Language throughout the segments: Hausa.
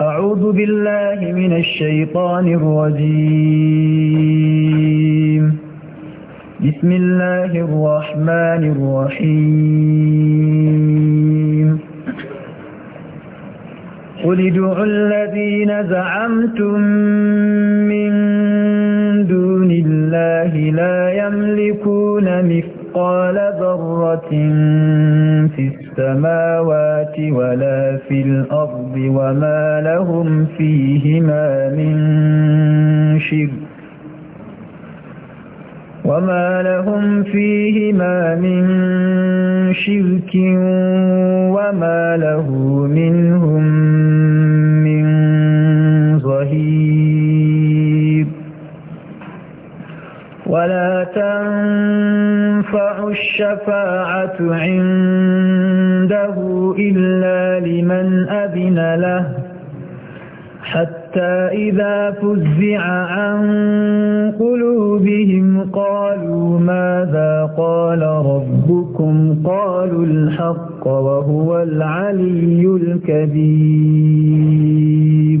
أعوذ بالله من الشيطان الرجيم بسم الله الرحمن الرحيم قل ادعوا الذين زعمتم من دون الله لا يملكون مثقال ذرة في السماء السماوات ولا في الأرض وما لهم فيهما من شر وما لهم فيهما من شرك وما له منهم من ظهير ولا تنفع الشفاعة عنده إلا لمن أذن له حتى إذا فزع عن قلوبهم قالوا ماذا قال ربكم قالوا الحق وهو العلي الكبير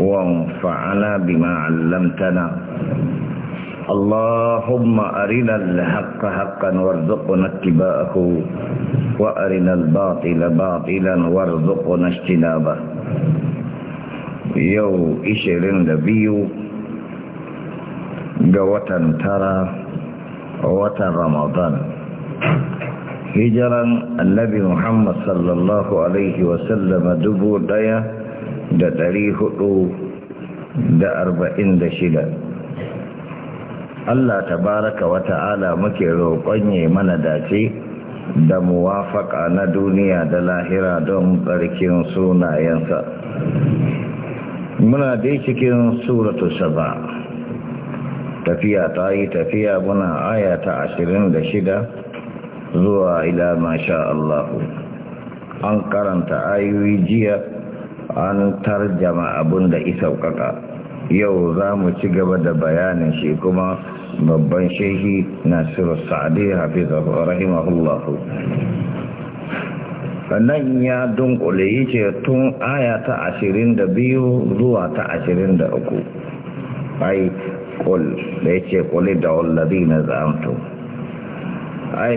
وانفعنا بما علمتنا اللهم أرنا الحق حقا وارزقنا اتباعه وأرنا الباطل باطلا وارزقنا اجتنابه يو إشرين لبيو جوة ترى وتر رمضان النبي محمد صلى الله عليه وسلم دبو daya da ɗari hudu da arba'in da shida Allah ta baraka wa ta'ala muke roƙon ya mana dace da muwafaka na duniya da lahira don ɓarkin sunayensa muna dai cikin suratu saba tafiya ta yi tafiya muna aya ta ashirin da shida zuwa ila masha an karanta ayoyi jiya an tarjama abun da isaukaka yau za mu ci gaba da bayanin shi kuma babban shehi nasiru sa'adi hafizahu rahimahullahu nan ya dunkule yace tun aya ta ashirin da biyu zuwa ta ashirin da uku ai kul da yace kuli da walladina zamtu ai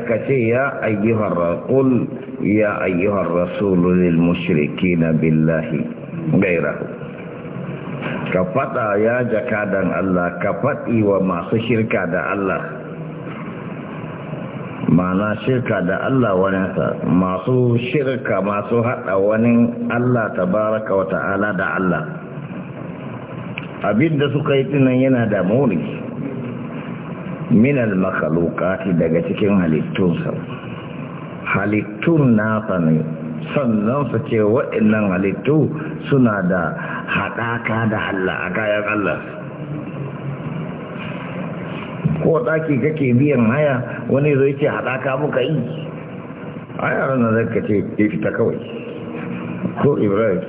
ya ayyuhar kul يا أيها الرسول للمشركين بالله غيره كفتا يا جكادا الله كفتي masu shirka da Allah, mana shirka da Allah waninsa masu shirka masu haɗa wani Allah tabaraka wa ta'ala da Allah abinda suka yi tunan yana da muni minal makalukati daga cikin halittunsa halittun nasa ne sannan su ce wa'annan halittu suna da haɗaka da Allah a kayan Allah ko ɗaki kake biyan haya wani zai ce haɗaka muka yi a yaran zai ka ce ya fita kawai ko ibrahim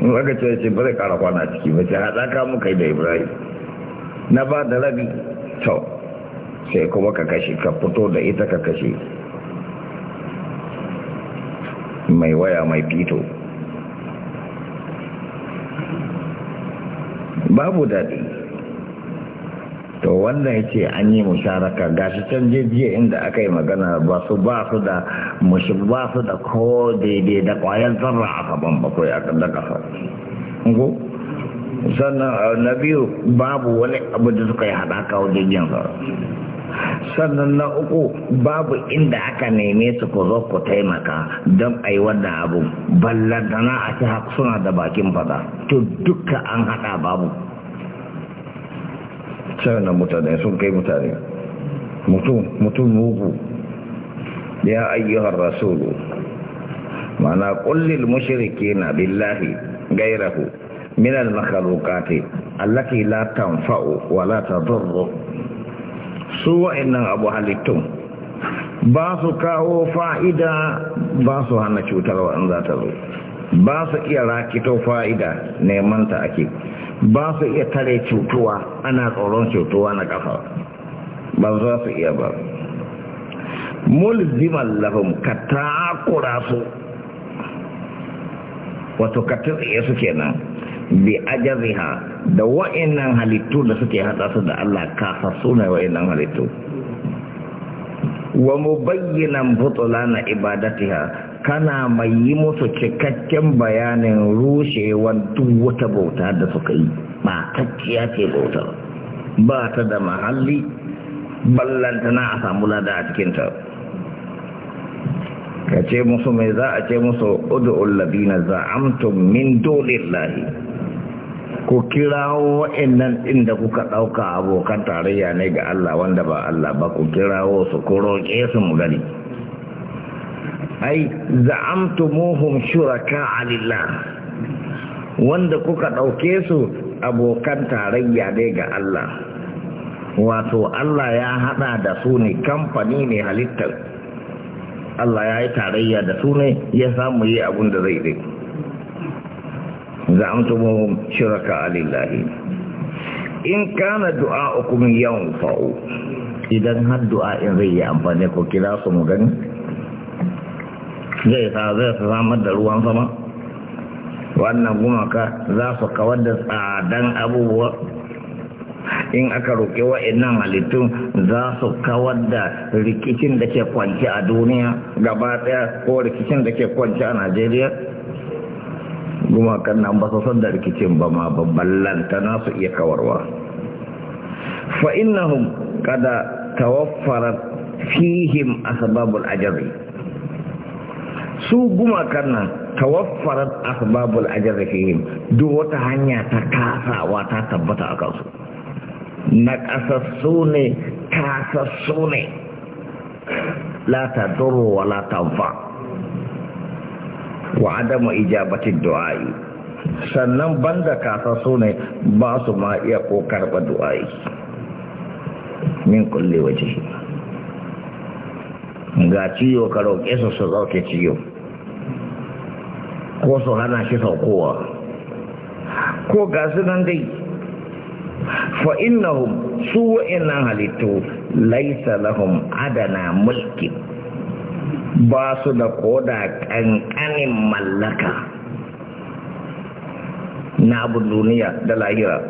in aka ce ce ba zai ƙara kwana ciki ba ce haɗaka muka yi da ibrahim na ba da rabi to sai kuma ka kashe ka fito da ita ka kashe mai waya mai fito babu daɗi to wanda ya ce an yi musharaka ga shi can jijiya inda aka yi magana ba su ba su da mashi ba su da ko daidai da ƙwayar zarra a saman bakwai a kan da ƙasa sannan eh, na biyu babu wani abu da suka yi haɗaka wajen yin zarra sannan na uku babu inda aka neme su ku zo ku taimaka don a yi wannan abu ballantana a ci suna da bakin fada to duka an haɗa babu na mutane sun kai mutane mutum mutum mugu ya ayyuhar rasulu mana kullil na billahi gairahu minal al makhluqati allati la tanfa'u wa la tadurru su wa'annan abu halittun ba su kawo fa'ida ba su hana cutar wa’an za ta zo ba su iya rakito fa'ida neman ta ake ba su iya tare cutuwa ana tsoron cutuwa na kafa ba za su iya ba mulziman lafin ka takura su wato ka iya su kenan bi ajaziha da wa'annan halittu da suke hada su da Allah kafa suna wa'annan halittu wa mubayyinan butulana ibadatiha kana mai yi musu cikakken bayanin rushewar duk wata bauta da suka yi ba tacciya ce bautar ba ta da mahalli ballantana a samu lada a cikinta ka ce musu mai za a ce musu udu'ul labina za'amtum min dole lahi ku kirawo wa'annan ɗin da kuka ɗauka abokan tarayya ne ga Allah wanda ba Allah ba ku kirawo su ko roƙe su mu gani ai za'amtumuhum shuraka alillah wanda kuka ɗauke su abokan tarayya ne ga Allah wato Allah ya haɗa da su ne kamfani ne halittar Allah ya yi tarayya da su ne ya samu yi abin da zai dai za'amtum shuraka lillahi in kana du'a'ukum yanfa'u idan har du'a du'a'in zai yi amfani ko kira su mu gani zai sa zai samar da ruwan sama wannan gumaka za su kawar da tsadan abubuwa in aka roƙe wa'annan halittun za su kawar da rikicin da ke kwanci a duniya gaba ɗaya ko rikicin da ke kwanci a najeriya gumakan nan ba su san da rikicin ba ma babban lantana su iya kawarwa fa innahum kada tawaffara fihim asbabul ajri su gumakan nan tawaffarat asbabul ajri fihim duk wata hanya ta kasawa ta tabbata a kansu na kasassu ne kasassu ne la ta duru wa la fa wa adama ijabatin du'a'i sannan banda kasa su ne ba su ma iya kokar ba du'a'i min kulle waje ga ciyo ka roƙe su su roƙe ciyo ko su hana shi saukowa ko ga su nan dai fa innahum su nan halittu laisa lahum adana mulkin ba su da koda ƙanƙanin mallaka na abin duniya da lahira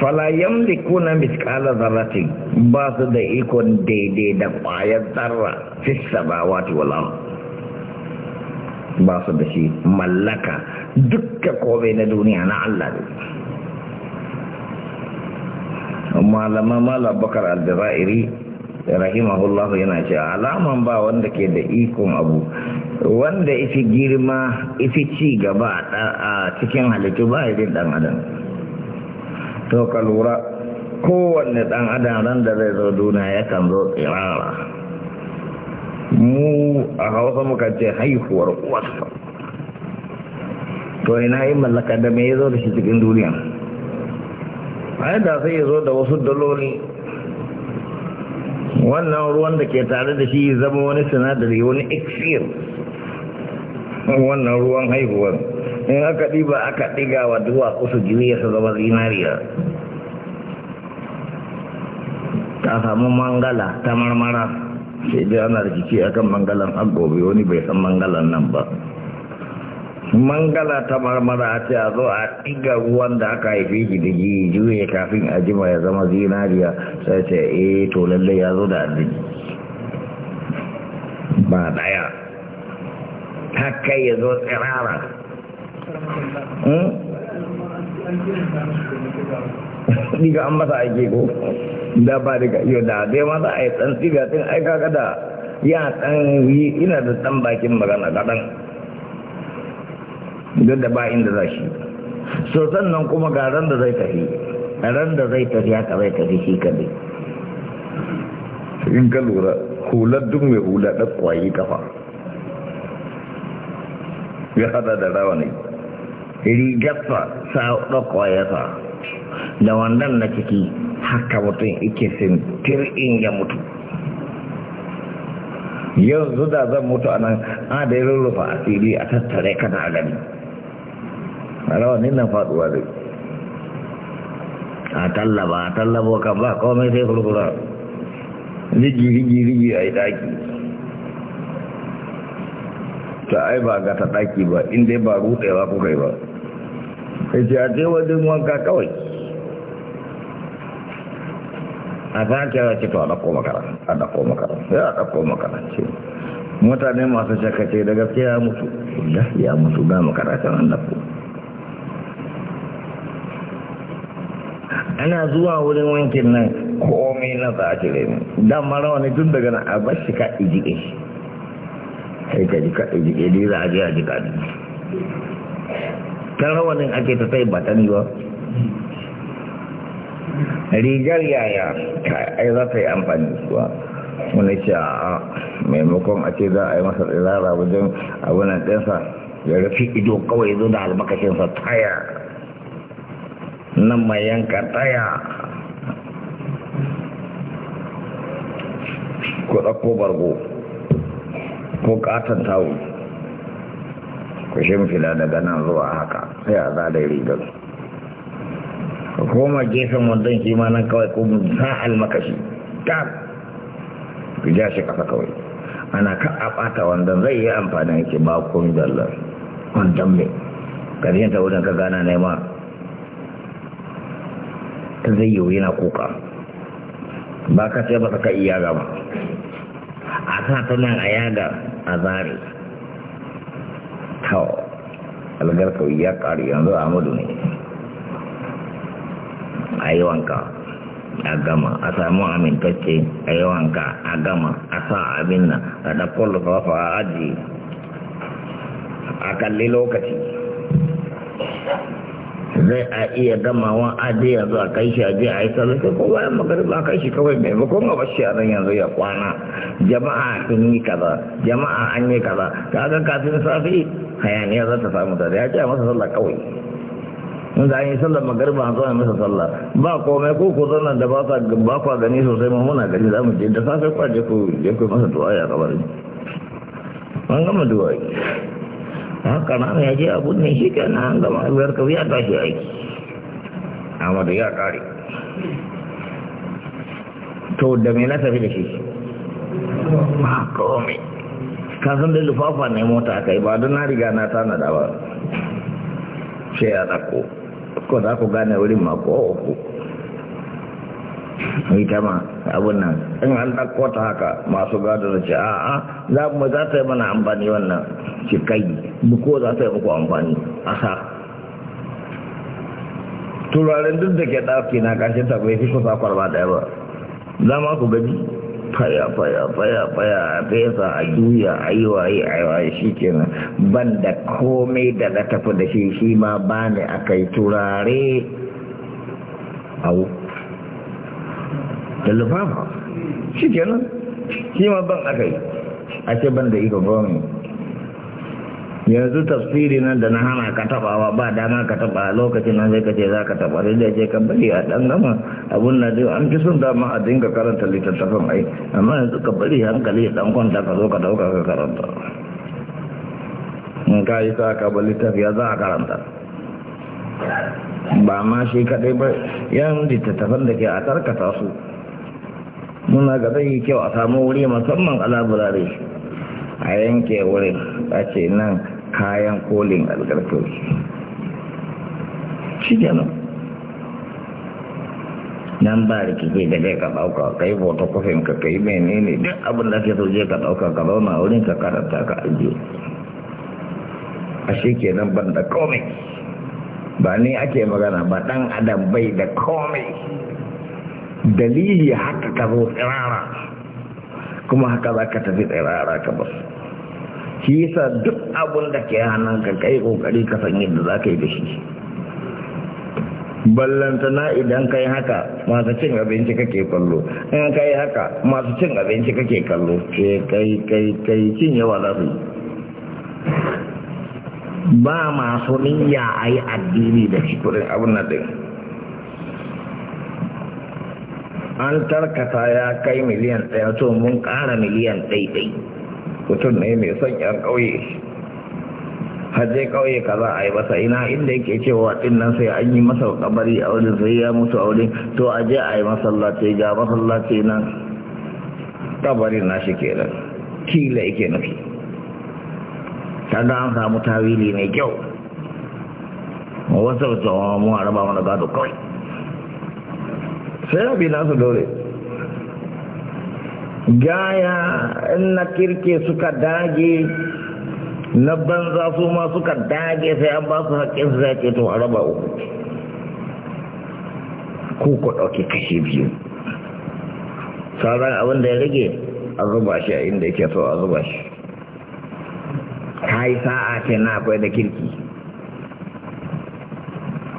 falayen likuna miskala zarratin ba su da ikon daidai da ƙwayar tsarra fissa ba wata ba su da shi mallaka dukkan kome na duniya na Allah ne malama malam bakar aljazairi rahimahullahu yana ce alaman ba wanda ke da ikon abu wanda ifi girma ifi ci gaba a cikin halittu ba ya dan adam to ka lura kowanne dan adam ran da zai zo duniya kan zo tsirara mu a hausa muka ce haihuwar uwarsa to ina yi mallaka da mai ya zo da shi cikin duniya a yadda sai ya zo da wasu daloli wannan ruwan da ke tare da shi zama wani sinadari wani ikfir wannan ruwan haihuwar in aka ɗiba aka ɗiga wa duwa kusa juya su zama zinariya ta samu mangala ta marmara sai dai ana rikici akan mangalan agobe wani bai san mangalan nan ba mangala ta marmara a ce a zo a ɗiga ruwan da aka haife shi da ji juye kafin a jima ya zama zinariya sai ce e, to lallai ya zo da addini ba ɗaya haka ya zo tsirara hmm? diga an masa aiki ko da ba daga yau da dai ma za a yi tsan siga tun aika kada ya ɗan yi ina da ɗan bakin magana kaɗan duk da ba inda za shi so sannan kuma ga ran da zai tafi ran da zai tafi haka zai tafi shi kadai in ka lura hular duk mai hula da kwayi kafa ya hada da rawa ne rigarsa sa ɗan sa, da wannan na ciki haka mutum ike sintir in ya mutu yanzu da zan mutu a nan a da yi rurrufa asiri a tattare kana gani rawanin nan faduwa zai a tallaba a tallabo kan ba komai sai furfura rigi rigi rigi a yi daki ta ai ba ga ta daki ba inda ba rudewa kuka yi ba sai ce a ce wajen wanka kawai a sake ya ce to a dako makara a dako makara ya a dako makara ce mutane masu shakace da gaskiya mutu ya mutu ga makara can an dako ana zuwa wurin wankin nan komai na za a cire ne dan mara wani tun daga nan a bar shi ka ijike shi sai ka ji ka ijike dai za a je a ji ka ta rawanin ake ta sai batani ba rigar yaya ai za ta yi amfani da wani ce a maimakon a ce za a yi masa tsirara wajen abunan ɗinsa ya rufe ido kawai zo da albakashinsa taya nan mai yanka ɗaya ku ɗauko bargo ko ƙaton tawo ku shimfila daga nan zuwa haka sai a zaɗa rigar ka koma gefen wandon shi ma nan kawai ko sa almakashi ta ku ja shi ƙasa kawai ana ka a ɓata wandon zai yi amfani yake ba kun zallar wandon mai ƙarshen wurin ka gana nema ta zai yiwu yana kuka ba ka sai ba ka iya gaba a sa ta nan a yaga a zari kawo algar kawai ya ƙari yanzu a mudu ne a yi wanka a gama a samu amintacce a yi wanka a gama a sa abin nan a ɗakkon lufafa a aji a kalli lokaci zai a iya gamawa aje ya zo a kai shi a aje a yi sallah sai ko bayan magariba a kai shi kawai maimakon a bashi a yanzu ya kwana jama'a sun yi kaza jama'a an yi kaza ga kafin safi hayaniya za ta samu da ya ce a masa sallah kawai in za a yi sallar magariba a zuwa masa sallah ba komai ko ko zanen da ba kwa gani sosai mun muna gani za mu je da safe kwa je ku masa du'a ya kabarin an gama du'a haka na ya je abun ne shi ke na gama biyar ka biya tashi aiki amadu ya kare to da mai nasa tafi da shi ma kome san da lufafa ne mota aka yi ba don na riga na tana da ba sai ya zako ko za ku gane wurin mako uku mai tama abun nan in an ɗauko ta haka masu gado da ce a'a za mu za ta yi mana amfani wannan ci kai ko za ta yi muku amfani a sa turaren duk da ke ɗauki na kashe ta bai fi kusa kwarba ɗaya ba za ma ku gani faya faya faya faya a fesa a juya a yi waye a shi kenan ban da komai da na tafi da shi shi ma ba ne a kai turare a da lufafa shi nan, shi ma ban aka yi a ce ban da iko gomi yanzu tafsiri nan da na hana ka tabawa ba dama ka taba lokacin nan zai kace za ka taba da da ce ka bari a dan gama abun na dai an fi son dama a dinga karanta littattafan ai amma yanzu ka bari hankali dan kwanta ka zo ka dauka ka karanta in ka yi sa ka ba littafi ya za a karanta ba ma shi kadai ba yan littattafan da ke a karkata su muna ga zai yi kyau a samu wuri musamman a laburare a yanke wurin a ce nan kayan kolin algarkawi shi gano nan ba kike da zai ka ɗauka ka yi bota kufin ka ka yi ne duk abin da ke soje ka ɗauka ka zauna wurin ka karanta ka ajiye a shi nan ban da komai ba ni ake magana ba ɗan adam bai da komai dalili haka ka zo tsirara kuma haka za ka tafi tsirara ka ba shi yasa duk abun da ke hannun ka kai kokari ka san yadda za ka yi da shi ballantana idan ka yi haka masu cin abinci ka ke kallo in ka yi haka masu cin abinci ka ke kallo ke kai kai kai cin yawa za su yi ba masu niyya a yi addini da shi kudin abin na ɗin an tarkata ya kai miliyan ɗaya to mun ƙara miliyan ɗaiɗai mutum ne mai son yar ƙauye hajje ƙauye kaza a yi masa ina inda yake cewa ɗin nan sai an yi masa kabari a wurin sai ya mutu a wurin to a je a yi masallaci ga masallaci nan Ƙabarin na shi kenan kila yake nufi kaga an samu tawili mai kyau wasu wasu mu a raba mana gado kawai sai rabi na dole gaya in na kirke suka dage na banza su ma suka dage sai an ba su haƙƙin su zai to a raba uku ku ku ɗauki kashe biyu sauran abin da ya rage a zuba shi a inda yake so a zuba shi yi sa'a ce na akwai da kirki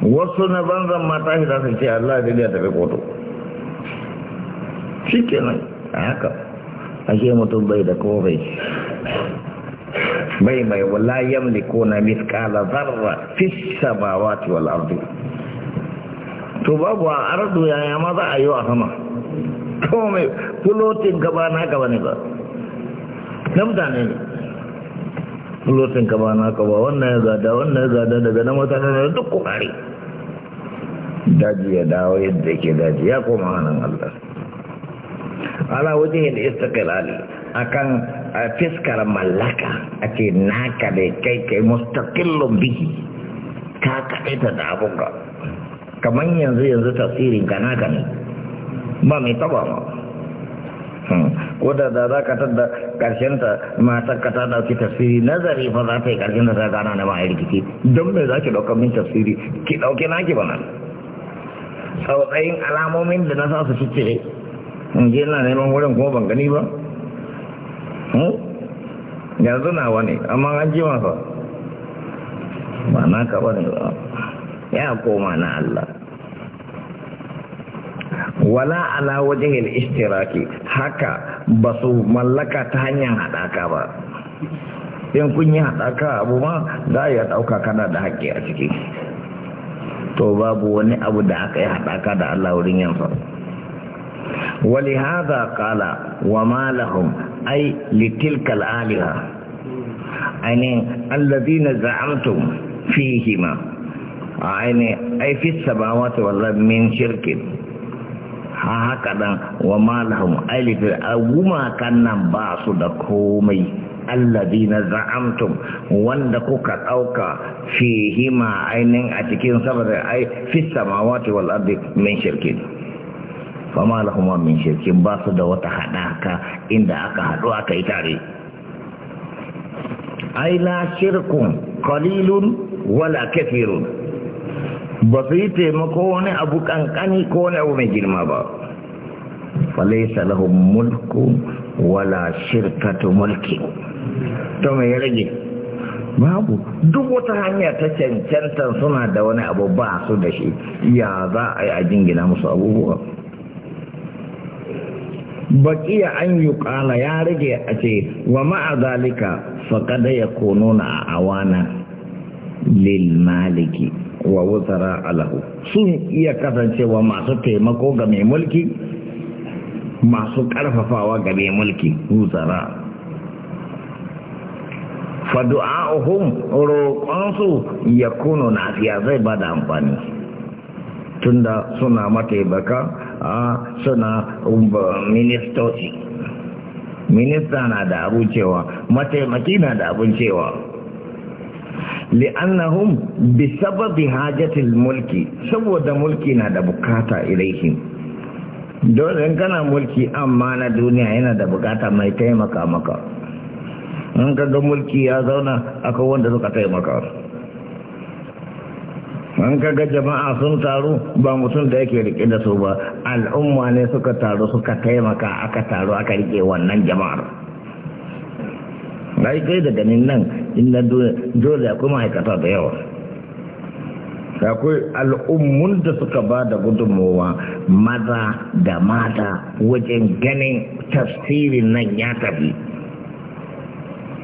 wasu na banzan mata shi za su ce Allah ya tafi kotu shi a haka ashe mutum bai da kofai bai mai wala ko na miskala zarra fi samawati wal ardi to babu a ardu yaya ma za a yi wa sama ko mai fulotin gaba na gaba ne ba na mutane ne fulotin gaba na gaba wannan ya zada wannan ya zada daga na mutane ne duk kokari daji ya dawo yadda ke daji ya koma hannun Allah ala wajen istiqlali akan eh, fiskar mallaka ake naka da kai kai mustaqillun bi ka ita da abun ka kamar yanzu yanzu tasirin ka naka ne ba mai taba ma hmm. ko da da za ka tada ƙarshen ta matar ka ta dauki tasiri nazari fa za ta yi ƙarshen ta ta gana na ma'ai rikici don me za ki dauka min tasiri ki ɗauki naki ba nan sau alamomin da na sa su cire in je na neman wurin kuma ban gani ba yanzu na wani amma an ji masa ba na ka bane ba ya koma na Allah wala ala wajen istiraki haka ba su mallaka ta hanyar hadaka ba in kun yi haɗaka abu ma za a yi ɗauka kana da haƙƙi a ciki to babu wani abu da aka yi hadaka da Allah wurin yansa ولهذا قال وما لهم أي لتلك الآلهة يعني الذين زعمتم فيهما يعني أي في السماوات والأرض من شرك هكذا وما لهم أي لتلك وما كان باعث دكومي alladina za'amtum wanda kuka dauka fihi ma ainin a cikin saboda ai fi samawati wal ardi min shirkin fama ma min shirkin ba su da wata haɗaka inda aka haɗu aka yi tare ai la shirkun qalilun wala kathirun ba su yi taimako wani abu kankani ko wani abu mai girma ba falaisa lahum mulku wala shirkatu mulki to ya rage babu duk wata hanya ta cancanta suna da wani abu ba su da shi ya za a yi a jingina musu abubuwa baqiya an yi yuqala ya rage a ce wa ma'azalika ya kono na a awana lil maliki wa wutara alahu sun iya kasancewa masu taimako ga mai mulki masu ƙarfafawa ga mai mulki Fadu'a fadu'a'uhum roƙonsu ya kuno nafiya zai bada amfani tunda suna mataimaka Ah, suna um, ministoci minista na da abun cewa mataimaki na da abun cewa li'annahum bi sababi hajatil mulki saboda mulki na da bukata ilaihim dole in kana mulki amma na duniya yana da bukata mai taimaka maka in ga mulki ya zauna akwai wanda suka taimaka An kaga jama'a sun taru ba mutum da yake rike da su ba al'umma ne suka taru suka taimaka aka taru aka rike wannan jama'ar bai kai da ganin nan inda dole akwai ma'aikata da yawa akwai al'ummun da suka ba da gudunmowa maza da mata wajen ganin tafsirin nan ya tafi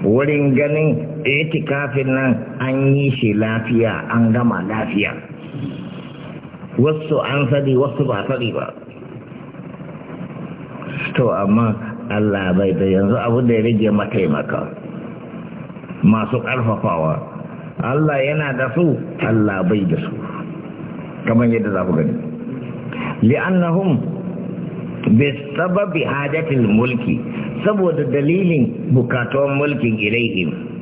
wurin ganin itikafin nan an yi shi lafiya an gama lafiya wasu an sadi, wasu ba sadi ba to amma Allah bai da yanzu abu da ya rage mataimaka masu ƙarfafawa Allah yana da su Allah bai da su kamar yadda za ku gani li'annahum sababi hajatil mulki saboda dalilin bukatuwan mulkin ilaihim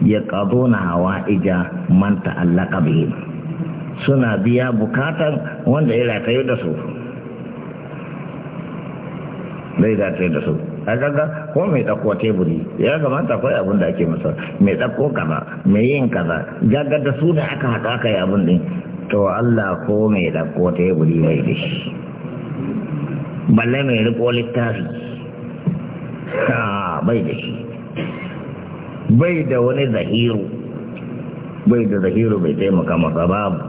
hawa ija manta allaka bihim suna biya bukatan wanda ya yi da su zai rataye da su a kaga ko mai ɗauko teburi ya kamata akwai abin da ake masa mai ɗauko kaza mai yin kaza gaga da su da aka haka aka yi abin ɗin to Allah ko mai ɗauko teburi mai da shi balle mai riko littafi ah, bai da shi bai da wani zahiru bai da zahiru bai taimaka masa babu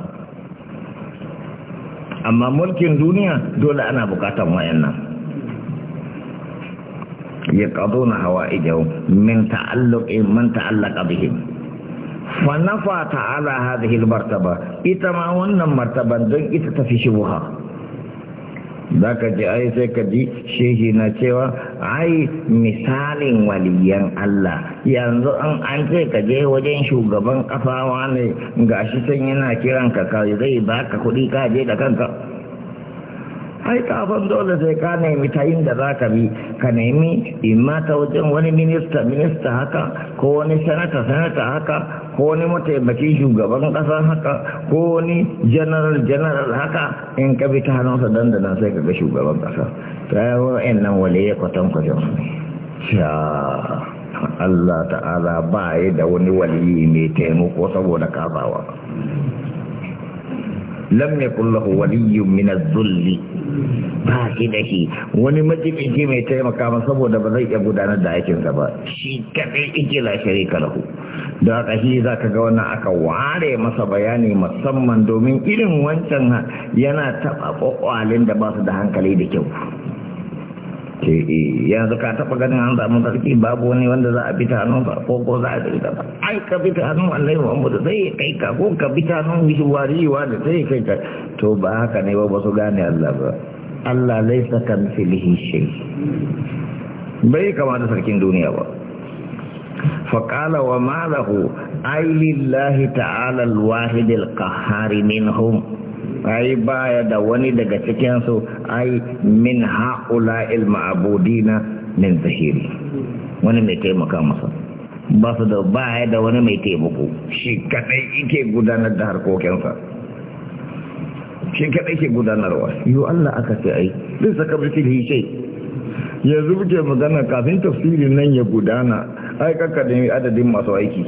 amma mulkin duniya dole ana bukatan wayannan ya ƙado na hawa ijau min ta'alluqin man ta'allaqa bihim fa nafa ta'ala hadhihi al-martaba ita ma wannan martaban don ita tafi shubha za ka ji ai sai ka ji shehi na cewa ai misalin waliyan Allah yanzu an an ce ka je wajen shugaban kafawa ne gashi san yana kiran ka zai baka kuɗi ka je da kanka ai kafin dole sai ka nemi ta da za ka bi ka nemi imma ta wajen wani minista minista haka ko wani sanata sanata haka ko wani mataimakin shugaban ƙasa haka ko wani general general haka in ka bi ta hannunsa dandana sai ka ga shugaban kasa. ta yi in nan wale ya kwatankwacin sha Allah ta'ala ba yi da wani waliyi mai taimako saboda kafawa. Lam yakun lahu waliyyun min az-zulli ba shi da shi wani majibinci mai taimaka ma saboda ba zai iya gudanar da aikinsa ba shi kaɗai ike la ka lahu da aka shi za ka ga wannan aka ware masa bayani musamman domin irin wancan yana taɓa ƙwaƙwalin da ba su da hankali da kyau ce eh, yanzu ka taɓa ganin an samu sarki babu wani wanda za a bita hannun ba ko ko za a bita ba ai ka bita hannun Allah ya mamu da zai kai ka ko ka bita hannun wari, wariwa da zai kai ka to ba haka ne ba ba su gane Allah ba Allah laisa kan filihi shay bai kama da sarkin duniya ba wa وما له أي لله تعالى الواحد القهار منهم ai baya da wani daga cikinsu ai min haƙula ilma'abudina min zahiri wani mai taimaka masa ba su da baya da wani mai taimako shi kadai ike gudanar da harkokinsa shi kadai ke gudanarwa yiwu Allah aka ce ai zai saka bikin hishe yanzu muke magana kafin tafsirin nan ya gudana ai kakka adadin masu aiki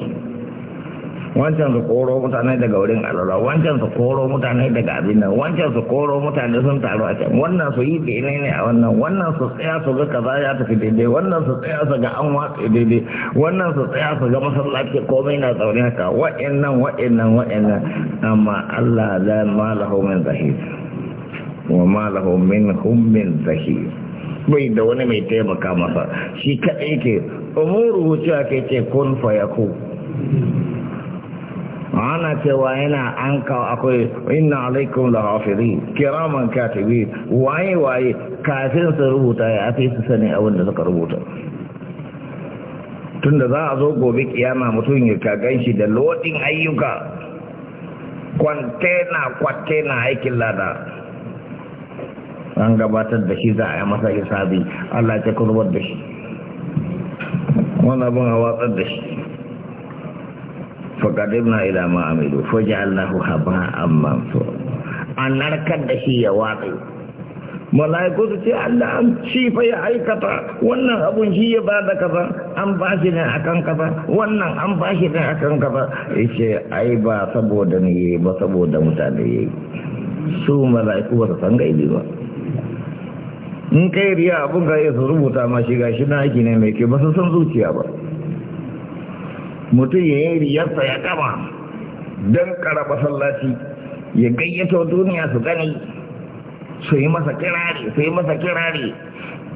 wancan su koro mutane daga wurin alwala wancan su koro mutane daga abin nan wancan su koro mutane sun taru a can wannan su yi bene ne a wannan wannan su tsaya su ga kaza ya tafi daidai wannan su tsaya su ga an watsa daidai wannan su tsaya su ga masallaci komai na tsauri haka wa'annan wa'annan wa'annan amma Allah la ma lahu min zahir wa ma lahu min hum min zahir bai da wani mai taimaka masa shi kadai ke umuru cewa kai ce kun fayakun ana cewa yana an kawo akwai inna alaikum da hafiri kiraman katibi waye waye kafin su rubuta ya fi su sani abin da suka rubuta tunda za a zo gobe kiyama mutum ya kagan shi da lodin ayyuka kwantena kwantena aikin lada an gabatar da shi za a yi masa hisabi Allah ya kurbar da shi wani abin a watsar da shi فقدمنا إلى haba amma so an narkar da shi ya واقعي mala'iku su ce Allah an shi fa ya aikata wannan abun shi ya ba da an ba shi ne akan kafa, wannan an ba shi ne akan ya yace ai ba saboda ni ba saboda mutane yi su mala'iku ba su san gaibi ba in kai riya abun ka su rubuta ma shi gashi na aiki ne mai ke ba su san zuciya ba mutum ya yi riyarsa ya kama don karaba sallaci ya gayyato duniya su gani su yi masa kirari su yi masa kirari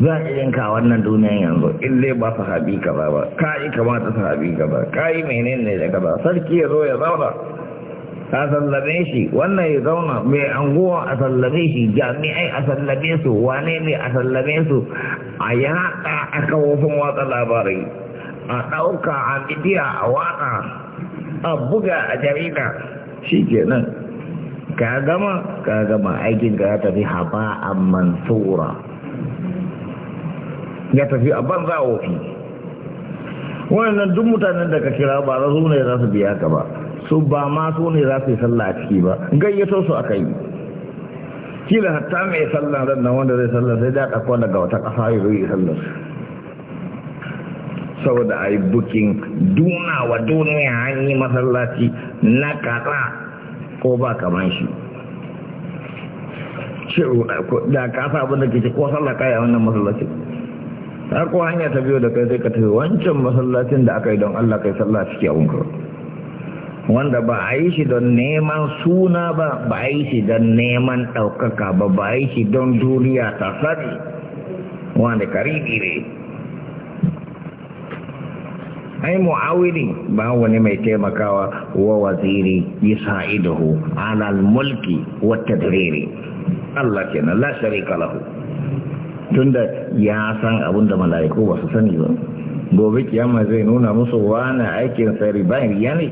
za a yanka wannan duniya yanzu in zai ba sahabi ka ba ba ka yi kamata sahabi ka ba ka yi menene da ka sarki ya zo ya zauna a sallame shi wannan ya zauna mai anguwa a sallame shi jami'ai a sallame su wane ne a sallame su a yaɗa a kawofin watsa labarai a ɗauka a midiya a waƙa a buga a jarida shi kenan ka gama ka gama aikin ka ya tafi haba a mansura ya tafi a banza wofi wannan duk mutanen da ka kira ba za su ne za su biya ka ba su ba ma su ne za su yi sallah a ciki ba gayyato su aka yi kila hatta mai sallah ran nan wanda zai sallah sai da ɗakwa daga wata ƙasa ya zo yi sallah saboda a yi bukin duna wa duniya an yi masallaci na kaka ko ba kaman shi oh, da ka sa abin da ke ce ko sallah kai wannan masallaci ta ko hanya ta biyo da kai sai ka tafi wancan masallacin da aka yi don Allah kai sallah ciki a wunkar wanda ba a yi shi don neman suna ba ba a yi shi don neman ɗaukaka ba ba a yi shi don duniya ta sani wanda karibi ne ai mu'awili ba wani mai taimakawa wa waziri yusaiduhu alal mulki wa tadriri Allah kenan la sharika lahu tunda ya san abin da mala'iku ba su sani ba gobe kiyama zai nuna musu wani aikin sari bayan ne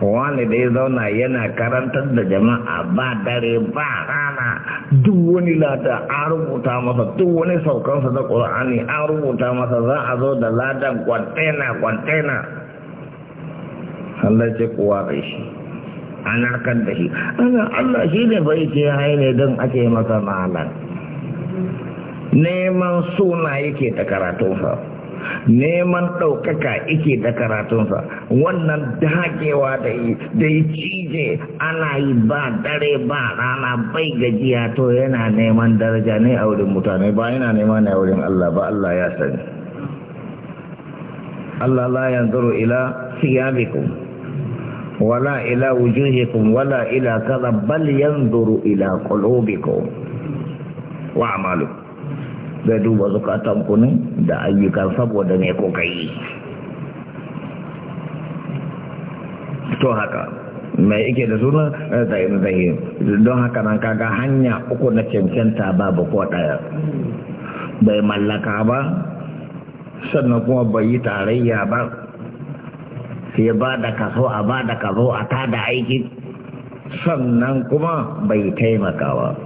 wani da ya zauna yana karantar da jama'a ba dare ba rana duk wani lada an rubuta masa duk wani saukansa da ƙulani an rubuta masa za a zo da ladan kwantena kwantena Allah ce kuwa shi an harkar da shi ana Allah shi ne bai ce haye ne don ake masa malam neman suna yake da karatunsa neman ɗaukaka ike da karatunsa wannan dagewa da yi da yi cije ana yi ba dare ba rana bai gajiya to yana neman daraja ne a wurin mutane ba yana neman ne a wurin Allah ba Allah ya sani Allah la yanzuru ila siyabikum wala ila wujuhikum wala ila kaza bal yanzuru ila qulubikum wa amalukum zai duba zukatan ne da ayyukan saboda ne ko kai. to haka mai ike da suna eh, zayin don haka nan kaga hanya uku na cancanta babu ko ɗaya bai mallaka ba sannan kuma bai yi tarayya ba sai ba da kaso a ba da kaso a da aiki sannan kuma bai taimakawa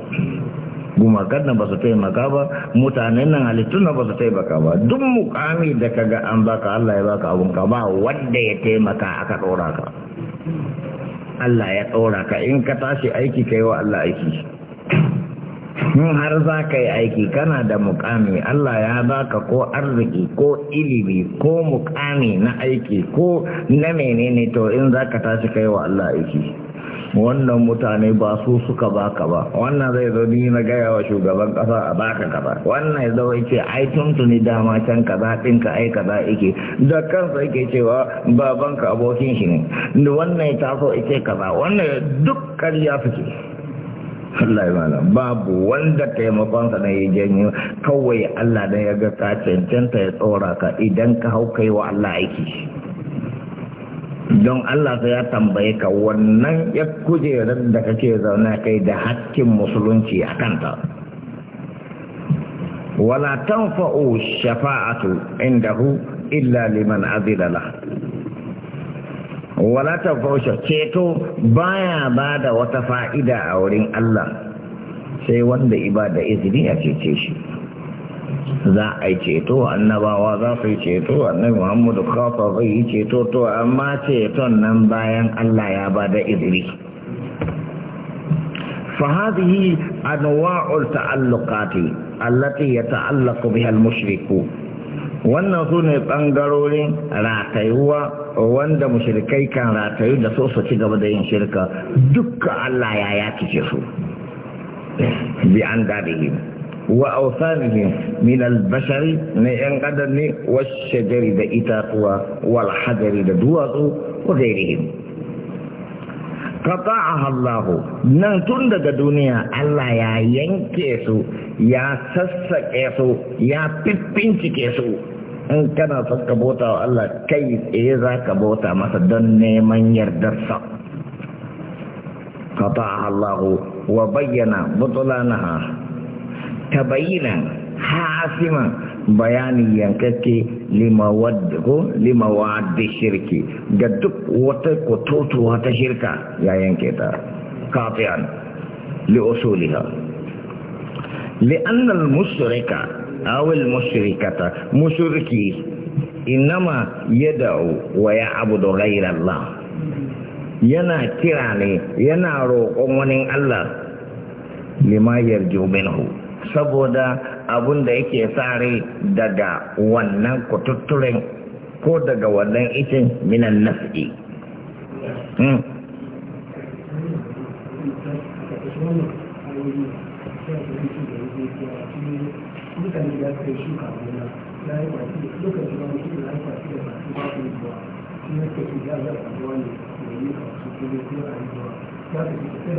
Gumakar na ba su taimaka ba mutanen nan halittu na ba su taimaka ba duk mukami da ka ga an baka Allah ya baka abun ka ba wanda ya taimaka aka ɗora ka Allah ya ɗora ka in ka tashi aiki ka yi wa Allah aiki in har za ka yi aiki kana da mukami Allah ya baka ko arziki ko ilimi ko mukami na aiki ko na menene to in za ka tashi ka yi wa Allah aiki wannan mutane ba su suka baka ba wannan zai zo ni na gaya wa shugaban kasa a baka kaza wannan ya zo yake ai tuntuni dama can kaza din ka ai kaza yake da kansa yake cewa baban ka abokin shi ne da wannan ya taso yake kaza wannan duk ƙarya suke Allah ya mana babu wanda taimakonsa na yi janyo kawai Allah ne ya ga ka cancanta ya tsora ka idan ka hau kai wa Allah aiki don Allah sai ya tambaye ka wannan ya kujerar da kake zauna kai da hakkin musulunci a kanta wala tanfa'u shafa'atu indahu illa liman azila la wala tanfa'u ceto baya bada wata fa'ida a wurin Allah sai wanda ibada izini a cece shi za a yi ceto annabawa za su yi ceto annabi muhammadu kafa zai yi ceto to amma ceton nan bayan allah ya ba da izini فهذه أنواع التعلقات التي يتعلق بها المشرك wannan su ne ɓangarorin ratayuwa wanda mushrikai kan ratayu da so su ci gaba da yin shirka dukkan Allah ya yaki su bi an dadihi wa ausanihim min al-bashar ne yan kadan ne wa shajari da itatuwa wal hajari da duwatsu ko gairihim qata'aha Allah nan tun daga duniya Allah ya yanke su ya sassake su ya ke su in kana son ka bota wa Allah kai eh za ka bota masa don neman yardar sa qata'aha Allah wa bayyana butlanaha tabayina hasima bayani yankakke limawadda shirki ga duk wata kototuwa ta shirka ya yanke ta kafiyan li'usuliha li'annal mushrika awil mushrikata mushriki inama yada'u wa abu ghayra Allah yana kira ne yana roƙon wani Allah lima yarju minhu saboda abun da yake tsare daga wannan kututturen ko daga wannan itin minan naf'i hmm.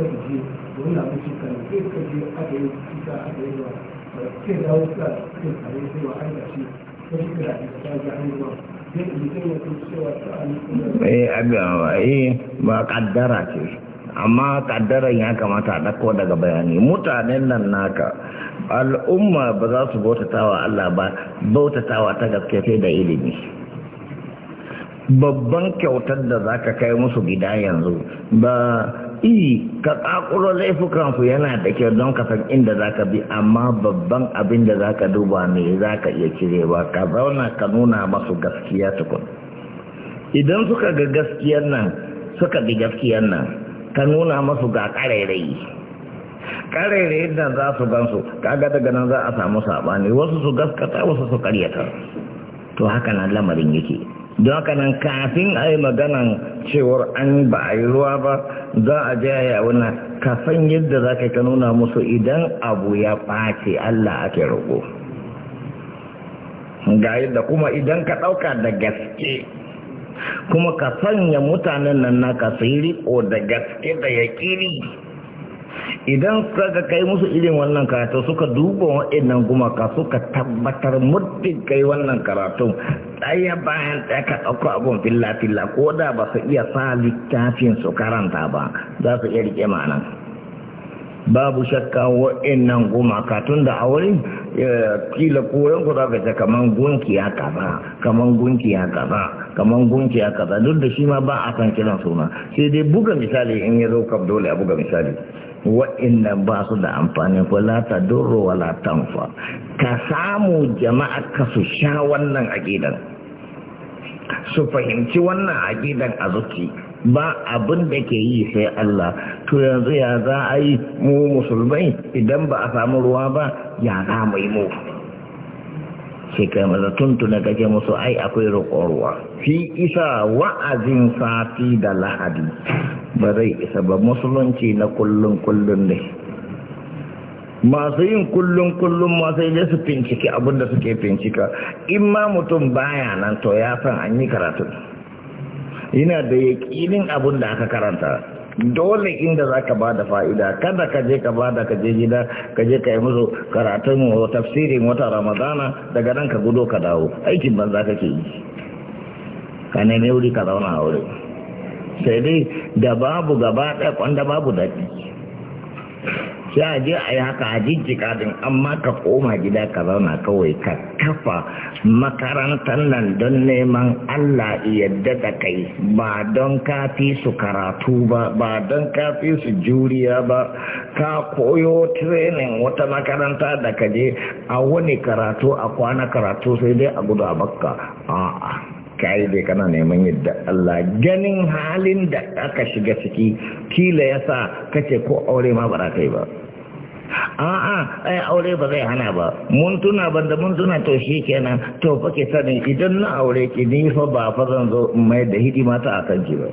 Thank you. domin na mutum kan ke suka je aka yi kisa aka yi wa ke da wasu da suke tare da wa an da shi ko da ta ga an yi zai wasu cewa eh, eh ba kaddara ce amma kaddaran ya kamata a ɗauko daga bayani mutanen nan naka al'umma ba za su bautatawa Allah ba bautatawa ta gaske sai da ilimi babban kyautar da za ka kai musu gida yanzu ba i ka ƙaƙuro laifukansu yana da kyau don ka san inda za ka bi amma babban abin da za ka duba me za ka iya cirewa ka zauna ka nuna masu gaskiya tukun idan suka ga gaskiyar nan suka bi gaskiyar nan ka nuna masu ga ƙarairayi karere da za su gansu kaga daga nan za a samu saɓani wasu su gaskata wasu su karyata to haka nan lamarin yake don haka nan kafin a yi maganan cewar an ba a yi ruwa ba za a je ya wuna kafin yadda za ka nuna musu idan abu ya ɓace Allah ake roƙo ga yadda kuma idan ka ɗauka da gaske kuma ka sanya mutanen nan naka su yi riƙo da gaske da ya ƙiri. idan suka kai musu irin wannan karatu suka duba waɗannan gumaka suka tabbatar muddin kai wannan karatu ɗaya bayan ɗaya ka ɗauko abun fila-fila ko da ba su iya sa littafin su karanta ba za su iya riƙe ma'anan babu shakka waɗannan gumaka tun da a wurin kila koyon ku za ka ce kamar gunki ya kaza kamar gunki ya kaza kamar gunki ya kaza duk da shi ma ba a san kiran suna sai dai buga misali in ya zo kaf dole a buga misali wa'inda ba su da amfani ko la ta durro wa la ka samu jama'a ka su sha wannan aƙidan su fahimci wannan aqidan a zuci ba abin da ke yi sai Allah to yanzu ya za a yi mu musulmai idan ba a samu ruwa ba ya za mu yi mu sai kai maza tuntuna kake musu ai akwai roƙon ruwa fi isa wa'azin sati da lahadi ba zai isa ba musulunci na kullum kullum ne masu yin kullum kullum masu yin su finciki abinda suke fincika in ma mutum baya nan to ya san an yi karatu. yana da yaƙinin abin da aka karanta dole inda za ka ba da fa'ida kada ka je ka ba da ka je gida ka je ka yi musu karatun tafsirin wata ramadana daga nan ka gudo ka dawo aikin banza kake yi ka nemi wuri ka zauna a wuri sai dai da babu gaba ɗaya kwanda babu daɗi sai a je a yi haka a jijjika din amma ka koma gida ka zauna kawai ka kafa makarantar nan don neman Allah yadda da kai ba don ka fi su karatu ba ba don ka fi su juriya ba ka koyo training wata makaranta da ka je a wani karatu a kwana karatu sai dai a gudu a bakka a'a kayi dai kana neman yadda Allah ganin halin da aka shiga ciki kila ya sa kace ko aure ma ba za ka yi ba a'a ai aure ba zai hana ba mun tuna banda mun tuna to shi kenan to fa ke sani idan na aure ki ni fa ba fa zan zo in mai da hidima ta akan ki ba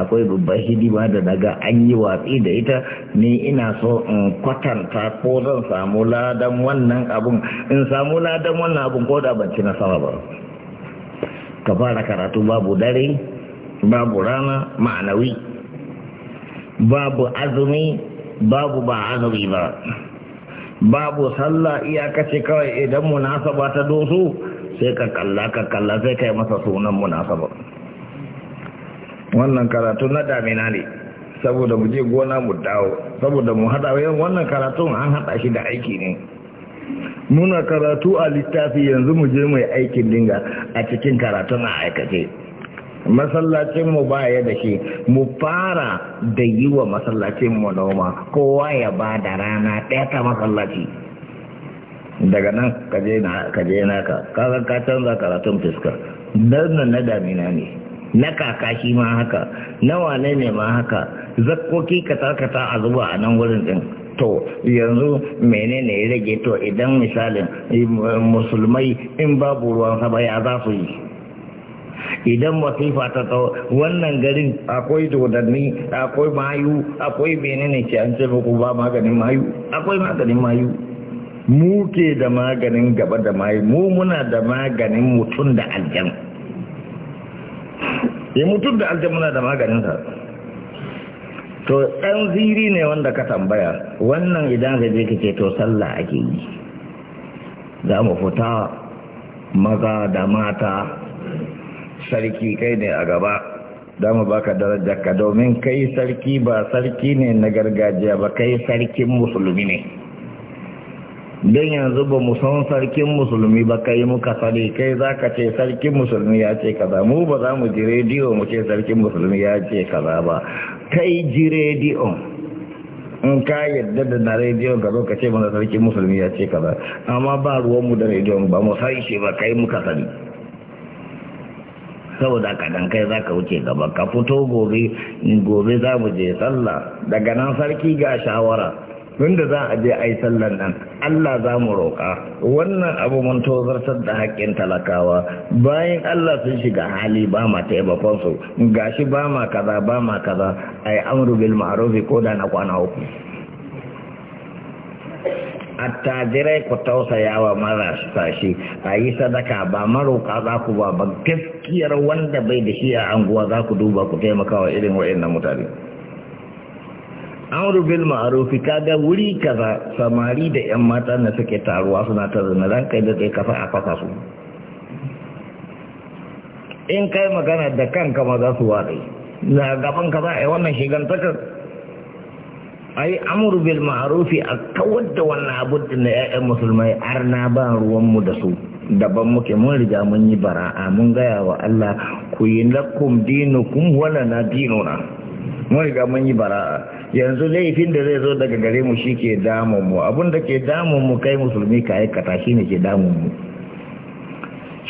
akwai babbar hidima da daga an yi watsi da ita ni ina so in kwatanta ko zan samu ladan wannan abun in samu ladan wannan abun ko da ban ci nasara ba ka fara karatu babu dare babu rana ma'anawi babu azumi babu ba azumi ba babu sallah ce kawai idan munasaba ta doso sai ka kalla ka kalla sai kai masa sunan munasaba wannan karatu na damina ne saboda mu je gona mu dawo saboda mu haɗa wannan karatun an haɗa shi da aiki ne muna karatu a littafi yanzu mu je mai aikin dinga a cikin karatun a aikace masallacinmu ba ya da shi mu fara da yi wa masallacinmu noma kowa ya ba da rana ɗaya ta masallaci daga nan kaje na ka kaga ka canza karatun fuska nan na damina ne na kakashi ma haka na wane ne ma haka zakkoki kata-kata a zuba a nan wurin din to yanzu menene ya rage to idan misalin musulmai in babu ruwan sama ya za su yi idan masifa ta tsawo wannan garin akwai dodanni akwai mayu akwai menene ce an ce muku ba maganin mayu akwai maganin mayu mu ke da maganin gaba da mayu mu muna da maganin mutum da aljanu ya mutum da aljamuna da maganinsa to ɗan ziri ne wanda ka tambaya wannan idan zai je kake to sallah ake yi za mu fita maza da mata sarki kai ne a gaba za mu baka ka domin kai sarki ba sarki ne na gargajiya ba kai sarkin musulmi ne don yanzu ba mu san sarkin musulmi ba kai muka sani kai za ka ce sarkin musulmi ya ce kaza mu ba za mu ji rediyo mu ce sarkin musulmi ya ce kaza ba kai ji rediyo in ka yadda da na rediyo ga zo ka ce mana sarkin musulmi ya ce kaza amma ba ruwanmu da rediyo ba mu san shi ba kai muka sani saboda ka dan kai za ka wuce gaba ka fito gobe gobe za mu je sallah daga nan sarki ga shawara tun da za a je a yi sallar nan Allah za mu roƙa wannan abu mun tozartar da haƙƙin talakawa bayan Allah sun shiga hali ba ma fansu gashi ba ma kaza ba ma kaza a yi amru bil ma'arufi ko da na kwana uku attajirai ku tausayawa mara shi a yi sadaka ba maroƙa za ku ba ba gaskiyar wanda bai da shi a anguwa za ku duba ku taimaka wa irin wa'in mutane amru bil ma'ruf kaga wuri kaza samari da yan mata na suke taruwa suna ta zina ran kai da kai kafa a fasa su in kai magana da kanka ma za su ware na gaban ka za a yi wannan shigantakar a yi amuru bil ma'arufi a kawar da wannan abin da na 'ya'yan musulmai har na ba ruwanmu da su daban muke mun riga mun yi bara'a mun gaya wa Allah ku yi lakum dinukum wala na dinuna mun riga mun yi bara'a yanzu laifin da zai zo daga gare mu shi ke damun mu abun da ke damun mu kai musulmi ka aikata shi ne ke damun mu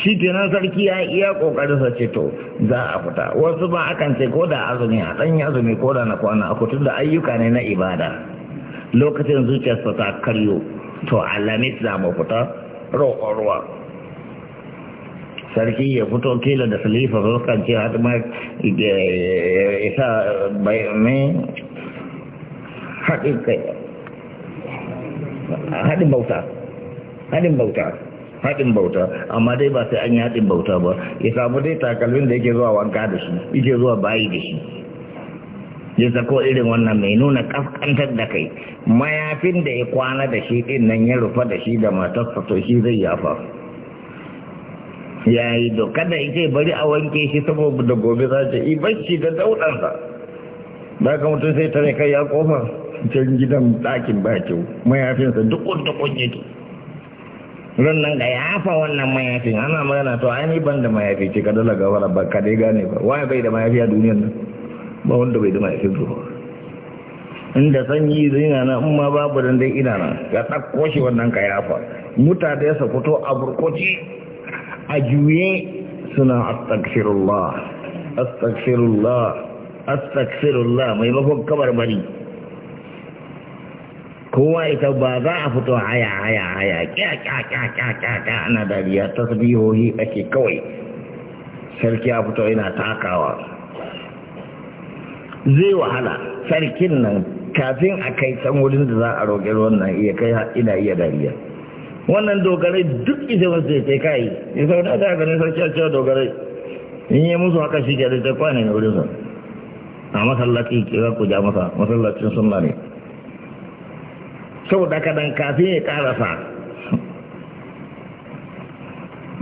shi nan sarki ya iya kokarin sa ce to za a fita wasu ba akan ce ko da azumi a dan azumi ko da na kwana a kutu da ayyuka ne na ibada lokacin zuciyarsa ta karyo to alamit za mu fita roƙon ruwa sarki ya fito kila da salifa fuskan ce har ma isa eh, bai mai haɗin kai haɗin bauta haɗin bauta haɗin bauta amma dai ba sai an yi haɗin bauta ba ya samu dai takalmin da yake zuwa wanka da shi yake zuwa bayi da shi ya sako irin wannan mai nuna kaskantar da kai mayafin da ya kwana da shi ɗin nan ya rufa da shi da matarsa to shi zai yafa ya yi do da ita bari a wanke shi saboda gobe za ta yi bacci da daudansa ba ka mutum sai tare kai ya kofa can gidan ɗakin ba kyau mayafinsa duk wanda yake ran nan ya fa wannan mayafin ana magana to ai ban da mayafi ce ka dala gawara ba ka dai gane ba Waye bai da mayafi a duniyar nan ba wanda bai da mayafi ba inda sanyi zina na in ma babu dan dai ina na ya tsakko shi wannan ka yafa mutane sa fito a burkoci a juye suna astagfirullah astagfirullah astagfirullah maimakon kabar bari kowa ita ba za a fito haya haya haya kya-kya-kya-kya ana dariya tasbihohi ake kawai sarki a fito yana takawa zai wahala sarkin nan kafin a kai can wurin da za a roƙi ruwan nan iya kai ina iya dariya wannan dogarai duk ita wasu ce kai ya sau da ta ganin sarki a cewa dogarai in yi musu haka shi gari ta kwanan ya wurin sa a masallaci kira ku ja masa masallacin sunna ne sau da dan kafin ya karasa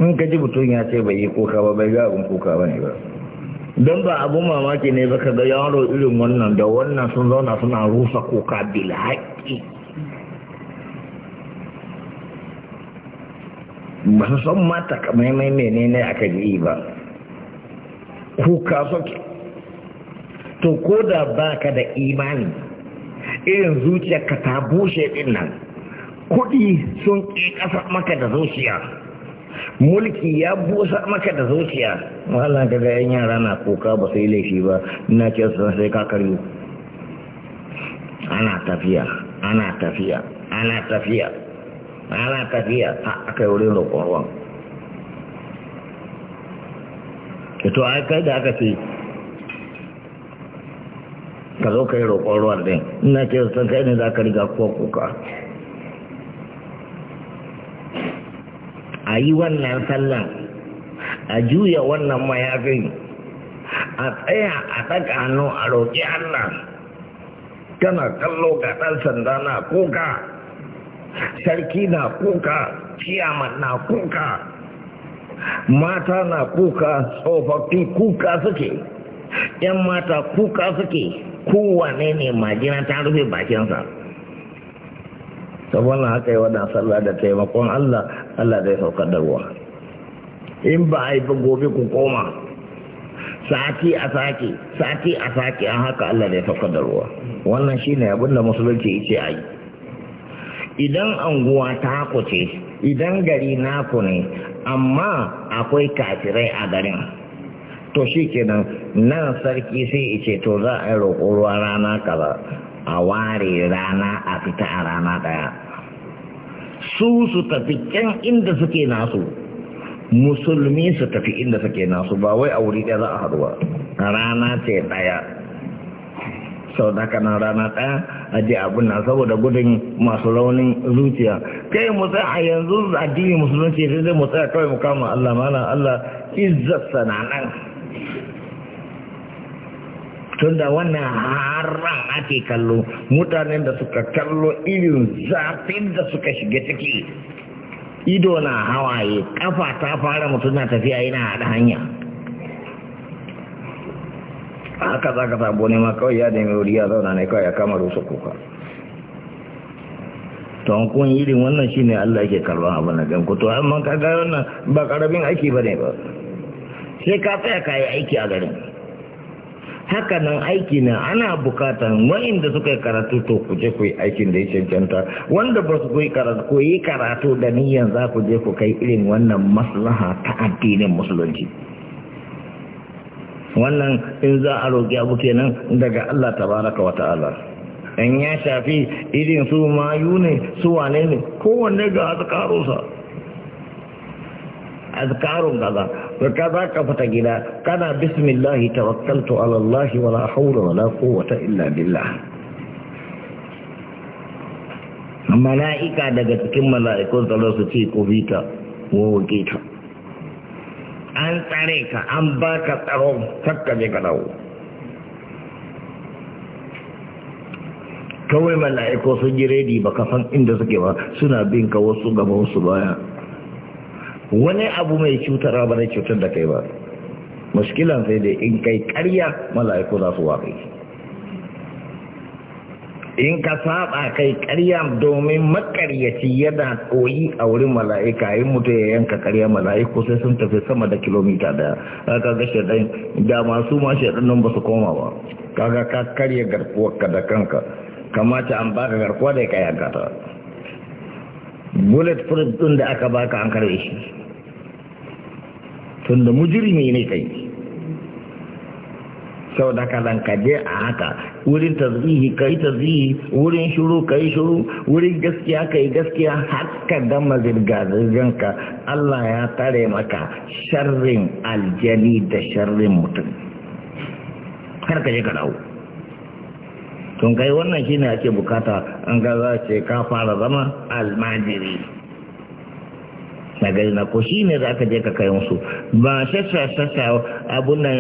in ka ji mutum ya ce bai yi kuka ba bai ga abin kuka ba ne ba don ba abun mamaki ne ba ka ga yaro irin wannan da wannan sun zauna suna rusa kuka bil haƙƙi ba su san mata kamar mai menene aka yi ba kuka soke to ko da ba ka da imani irin zuciyar ka ta bushe din nan kuɗi sun ƙi ƙasa maka da zuciya mulki ya busa maka da zuciya wallan ka ga yan yara na kuka ba sai laifi ba ina ce sun sai ka karyo ana tafiya ana tafiya ana tafiya ana tafiya a aka yi wurin roƙon ruwan to ai kai da aka ce ka zo ka yi roƙon ruwan ɗin ina ce sun kai ne za ka riga kuwa kuka a yi wannan sallan a juya wannan mayafin a tsaya a ɗaga hannu a roƙi allah tana kallo ga ɗan sanda na kuka sarki na kuka ciyaman na kuka mata na kuka tsofaffi kuka suke yan mata kuka suke kowane ne majina ta rufe bakinsa saboda haka yi wadan sallah da taimakon allah allah zai sauka da ruwa in ba a yi gobe ku koma sati a sake sati a sake an haka allah zai sauka da ruwa wannan shine ne abinda musulunci ce a yi idan anguwa ta kuce idan gari naku ne amma akwai kafirai a garin to shi kenan nan sarki sai ice to za a yi roƙo rana kaza a ware rana a fita a rana ɗaya su su tafi can inda suke nasu musulmi su tafi inda suke nasu ba wai a wuri ɗaya za a haɗuwa rana ce ɗaya sau da kanan rana ɗaya a abin nan saboda gudun masu raunin zuciya kai mu tsaya a yanzu addini musulunci sai zai mu tsaya kawai mu kama Allah mana Allah izzat nan tunda wannan haram ake kallo mutanen da suka kallo irin zafin da suka shiga ciki ido na hawaye kafa ta fara mutum na tafiya yana haɗa hanya a haka za ka sabo ne ma kawai ya nemi wuri ya zauna ne kawai ya kama rusa kuka to an kun irin wannan shine Allah yake karban abin da ganku to amma ka ga wannan ba karamin aiki bane ba sai ka tsaya ka yi aiki a garin haka nan aiki na ana bukatan wa'inda suka yi karatu to ku je ku yi aikin da ya cancanta wanda ba su yi karatu yi karatu da niyan za ku je ku kai irin wannan maslaha ta addinin musulunci wannan in za a roƙi abu kenan daga Allah tabaraka wa ta'ala in ya shafi irin su mayu ne su wane ne kowanne ga azkarusa azkarun kaza ka za ka fita gida kana bismillah tawakkaltu ala Allah la hawla la quwwata illa billah mala'ika daga cikin mala'ikun tsaro su ce ko bita wa wuke ta an tsare ka an baka ka tsaron takka je ka dawo kawai mala'iko sun ji redi ba inda suke ba suna bin ka wasu gaba wasu baya wani abu mai cutarwa ba na cutar da kai ba muskilan sai dai in kai karya mala'iku za su waƙe in ka saba kai karya domin makaryaci yana koyi a wurin mala'ika yi mutu ya yanka karya mala'iku sai sun tafi sama da kilomita da ka ga shaɗan da masu ma shaɗan nan ba su koma ba kaga ka karya ka da kanka kamata an baka garkuwa da ya kaya gata bullet proof ɗin da aka baka an karbe shi tunda mujirmi ne kai sau da kalan ka je a haka wurin tasbihi ka yi tasbihi wurin shuru ka yi shuru wurin gaskiya ka yi gaskiya haka gama zirga-zirgan ka Allah ya tare maka sharrin aljani da sharrin mutum har ka je ka dawo tun kai wannan shine ake bukata an ga za ce ka fara zama almajiri na gari na ko shine za ka je ka kai musu ba shasha shasha abun nan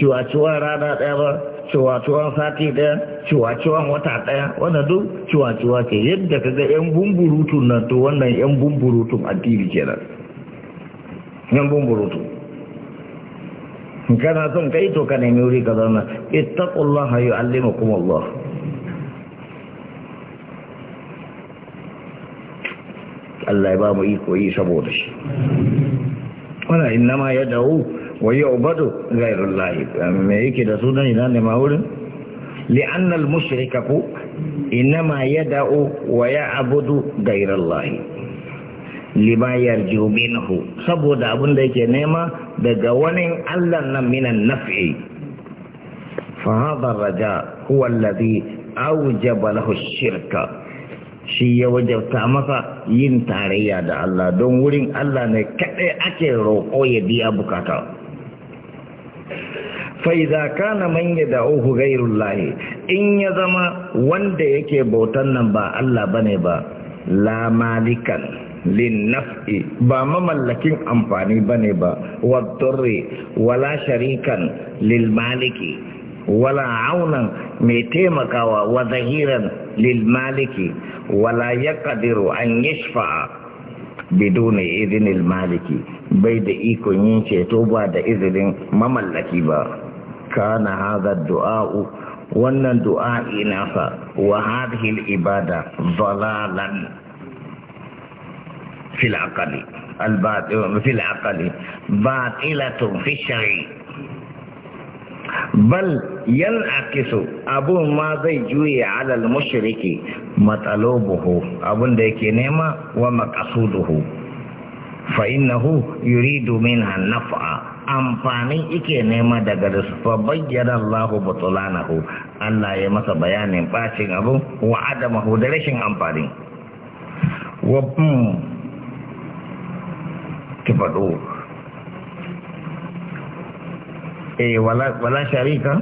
ciwa rana daya ba ciwaciwan sati ɗaya ciwaciwan wata ɗaya wanda duk ciwaciwa ke yadda ka ga yan bumburutu nan to wannan yan bumburutun addini kenan yan bumburutu kana son kai to ka nemi wuri ka zauna ittaqullaha yu'allimukum Allah Allah ya ba mu iko yi saboda shi wana inna ma ya dawo wa ya ubadu gairun lahi mai yake da sunan idan nema wurin li'annal mushrika ku inna ma ya dawo wa ya abudu gairun lahi limayar jomin hu saboda abin da yake nema daga wani Allah na minan nafi fa hada raja huwa lafi auja balahu shirka shi ya wajabta masa yin tarayya da Allah don wurin Allah ne kaɗai ake roƙo ya biya bukata faiza kana man ya da'uhu gairullahi in ya zama wanda yake bautan nan ba Allah bane ba la malikan lin naf'i ba mamallakin amfani bane ba wa wala sharikan lil maliki wala aunan mai taimakawa wa zahiran lil maliki wala kadiru an yashfa na izinin maliki bai da ikon yin ceto ba da izinin mamallaki ba kana haza du'a'u wannan du'a'i nasa wa hadhihi ibada dalalan fil aqli al batil fil aqli batilatun fi shari'i bal yan akisu abun ma zai juye alal mushriki matsalobuhu abun da yake nema wa makasuduhu fa innahu yuridu minha naf'a amfanin ike nema daga da su fa bayyana Allah butulanahu Allah ya masa bayanin bacin abu. wa adamahu da rashin amfani wa hmm, ki faɗo eh wala sharika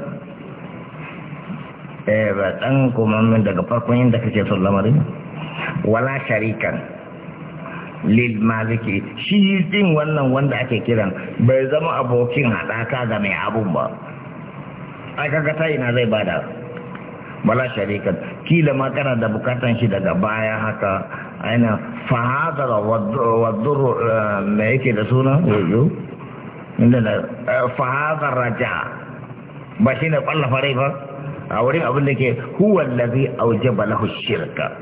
eh ba dan kuma daga farkon yanda kake son lamarin wala sharika lil maliki shi din wannan wanda ake kiran bai zama abokin hadaka ga mai abun ba ai kaga ta ina zai bada wala sharika kila ma kana da bukatan shi daga baya haka aina fa hadara wa eh, me yake da suna yo fahazar raja ba shi ne ƙwallon ba a wurin abin da ke huwan lazi auje balahu shirka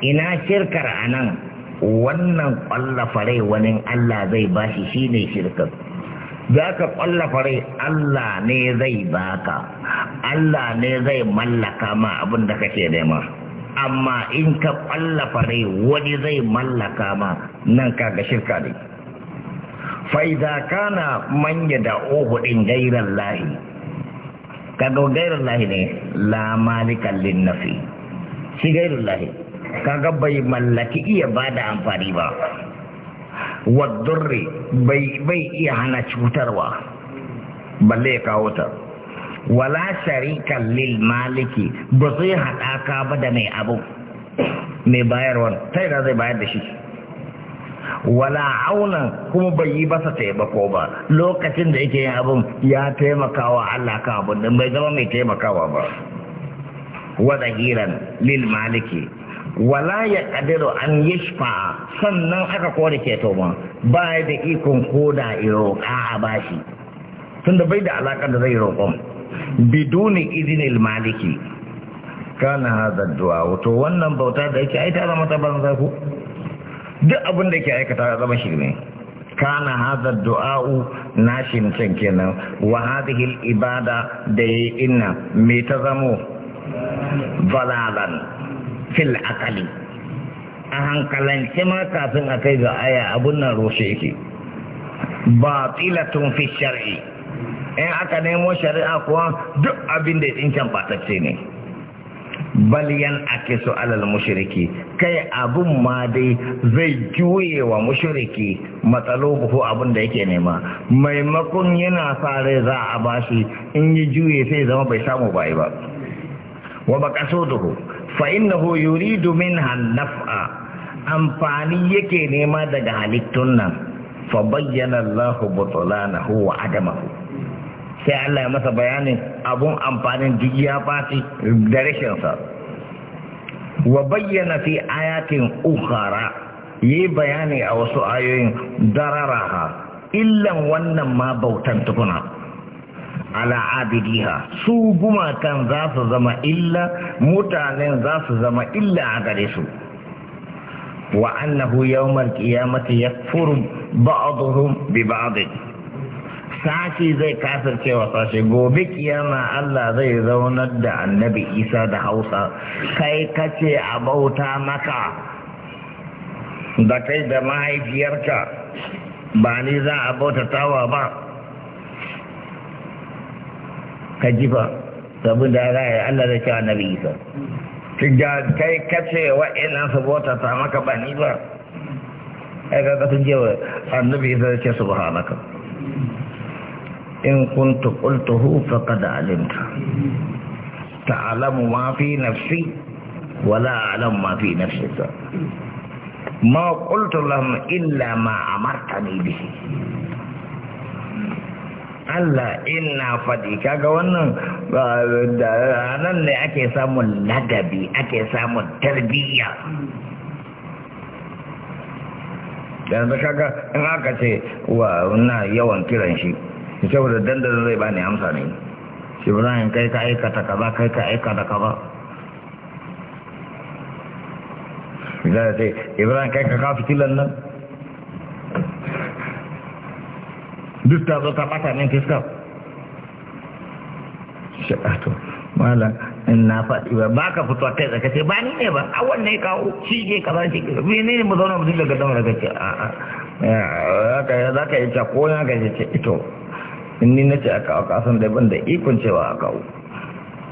ina shirkar a nan wannan ƙwallon farai wani allah zai ba shi shi ne shirkar za ka ƙwallon allah ne zai ba ka allah ne zai mallaka ma abin da kake nema amma in ka ƙwallon farai wani zai mallaka ma nan ka ga shirka ne fa'iza kana manya da ohudin gairan lahi kaga gairan lahi ne la malikan nafi shi gairan lahi kaga bai mallaki iya bada da amfani ba wadurri bai iya hana cutarwa balle ya kawo ta wala sharikan lil maliki ba zai haɗaka ba da mai abu mai bayarwa ta yana zai bayar da shi wala auna kuma bai yi basa taimako ba lokacin da yake yin abin ya taimakawa Allah ka abin da bai zama mai taimakawa ba wada hiran lil maliki wala ya kadiru an yi yishfa sannan aka kore ke ma ba da ikon koda roƙa a bashi tunda bai da alaƙar da zai roƙon biduni izinil maliki kana hada du'a to wannan bauta da yake ai ta zama ta banza ku duk abin da ke aikata ya zama shirme kana haza du'a'u nashin can kenan wa hadhihi al-ibada da yi inna me ta zamo balalan fil akali. a hankalance ma kafin a kai ga aya abun nan roshe yake batilatun fi shar'i in aka nemo shari'a kuwa duk abin da ya tsinken batacce ne baliyan ake su alal mushiriki kai abun ma dai zai juye wa mushiriki matsalo ko abun da yake nema maimakon yana sa rai za a bashi in yi juye sai zama bai samu bai ba wa maqasuduhu fa innahu yuridu minha naf'a amfani yake nema daga halittun nan fa bayyana Allahu butlanahu wa adamahu sai Allah ya masa bayanin abun amfanin duk ya fati da rashinsa wa bayyana fi ayatin ukhara yi bayani a wasu ayoyin dararaha illan wannan ma bautan tukuna ala abidiha su gumakan za su zama illa mutanen za su zama illa a gare su wa annahu yawmal qiyamati yakfuru ba'dhum bi ba'd sashi zai kasance cewa sashi gobe kiyama Allah zai zaunar da annabi isa da hausa kai kace a bauta maka da kai da mahaifiyarka ba ni za a bauta tawa ba ka jifa saboda ra'ayi Allah zai cewa annabi isa kai kace ilan su bauta ta maka ba ni ba ai ga tun jewa annabi isa zai ce subhanaka إن كنت قلته فقد علمت تعلم ما في نفسي ولا أعلم ما في نفسك ما قلت لهم إلا ما أمرتني به ألا إنا فديك أنا اللي أكي سامو الندبي أكي سامو التربية يعني لأنك أنا أكي وأنا يوان كلا نشيب da dandalin zai bani amsa ne shi zan kai ka aikata kaza kai ka aikata kaza zai ce ibrahim kai ka kafa filan nan duk ta zo ta bata min fiska sha'ato ah, mala in na faɗi ba ba ka fito kai tsaka ce ba ni ne ba a wannan kawo shi ke kaza shi ke ne ne mu zauna mutum daga damar daga ce a'a za ka yi ta ko ya ga ce ito in ni nace a kawo kasan da ban da ikon cewa a kawo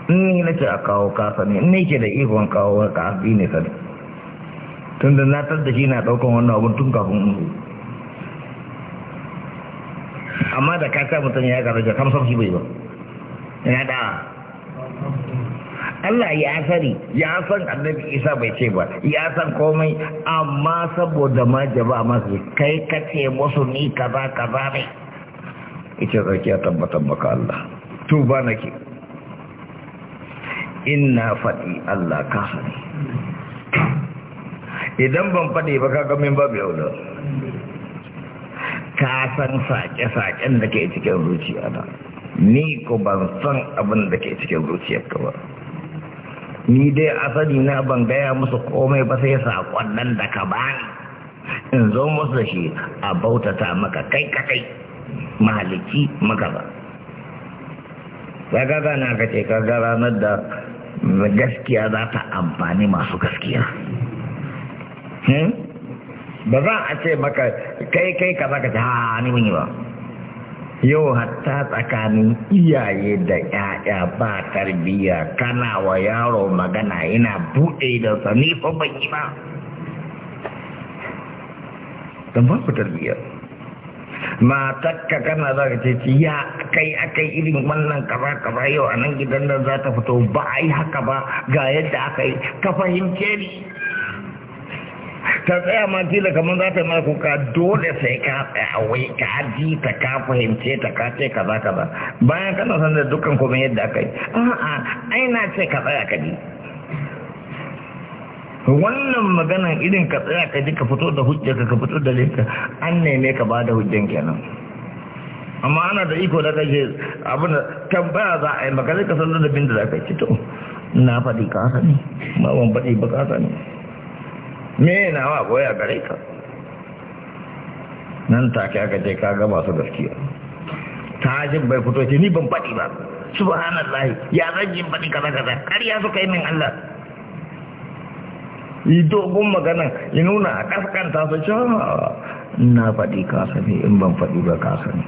in ni nace a kawo kasa ne in ni ke da ikon kawo kafi ne sani tun da na da shi na daukan wannan abun tun kafin in amma da ka sa mutum ya garaja kamsar shi bai ba yana da Allah ya sani ya san annabi Isa bai ce ba ya san komai amma saboda ma jama'a masu kai kace musu ni kaza kaza ne ita zarki ya tabbatar maka Allah tuba nake inna faɗi Allah ka hani idan ban faɗi ba ka gamin babu yau da ka san saƙe-saƙen da ke cikin zuciya na ni ko ban san abin da ke cikin ka ba ni dai asali na ban gaya musu komai ba sai saƙon nan da ka bani in zo musu da shi a bautata maka kai kakai maliki magaba daga gana ka ce kaga ranar da gaskiya za ta amfani masu gaskiya hmm? ba za a ce maka kai kai ka zaka ta hannu yi ba yau hatta tsakanin iyaye da 'ya'ya ba tarbiyya kana wa yaro magana yana buɗe da sani ko ban yi ba don ba ku tarbiyya matakka kana za ka ce ya kai akai irin wannan kaza kaza yau a nan gidan nan za ta fito ba a yi haka ba ga yadda aka yi ka fahimce ni ta tsaya ma tila kamar za ta mako ka dole sai ka tsaya wai ka ji ta ka fahimce ta ka ce kaza kaza bayan kana san da dukkan kuma yadda aka yi a'a ai na ce ka tsaya ka ji wannan maganan irin ka tsaya ka ji ka fito da hujja ka fito da linka an neme ka ba da hujjan kenan amma ana da iko da kashe abin tambaya za a yi maka zai ka sallar da bin da za ka ci to na faɗi ka ne, ba ban faɗi ba ka ne me na wa goya gare ka nan take aka je ka ga masu gaskiya ta ji bai fito ce ni ban faɗi ba subhanallahi ya zan yi faɗi kaza kaza kariya suka yi min Allah yi dogon magana ya nuna a ƙasƙanta su ce na faɗi kasa ne in ban faɗi ba kasa ne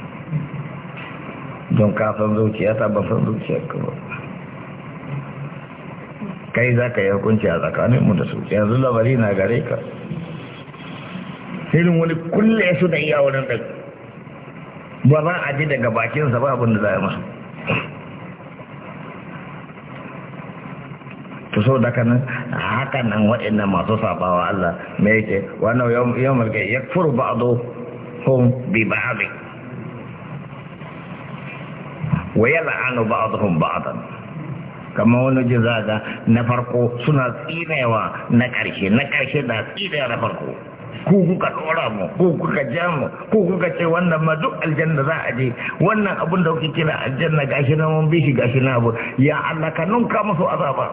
don kasan zuciya ta ban san zuciyar kuma kai za ka yi hukunci a tsakaninmu da su yanzu labari na gare ka irin wani kulle su da iya wurin ɗan ba za a ji daga bakinsa ba abin da za a masu. so da kan hakan nan waɗannan masu sabawa Allah me yake wannan yawmul qiyamah yakfuru ba'du hum bi ba'd wa yal'anu ba'dhum ba'dan kamar wani jizaga na farko suna tsinewa na ƙarshe na ƙarshe da tsinewa na farko ku kuka tsora mu ku kuka ja mu ku kuka ce wannan ma duk aljanna za a je wannan abun da kuke kira aljanna gashi na mun bishi gashi na abu ya Allah ka nunka musu azaba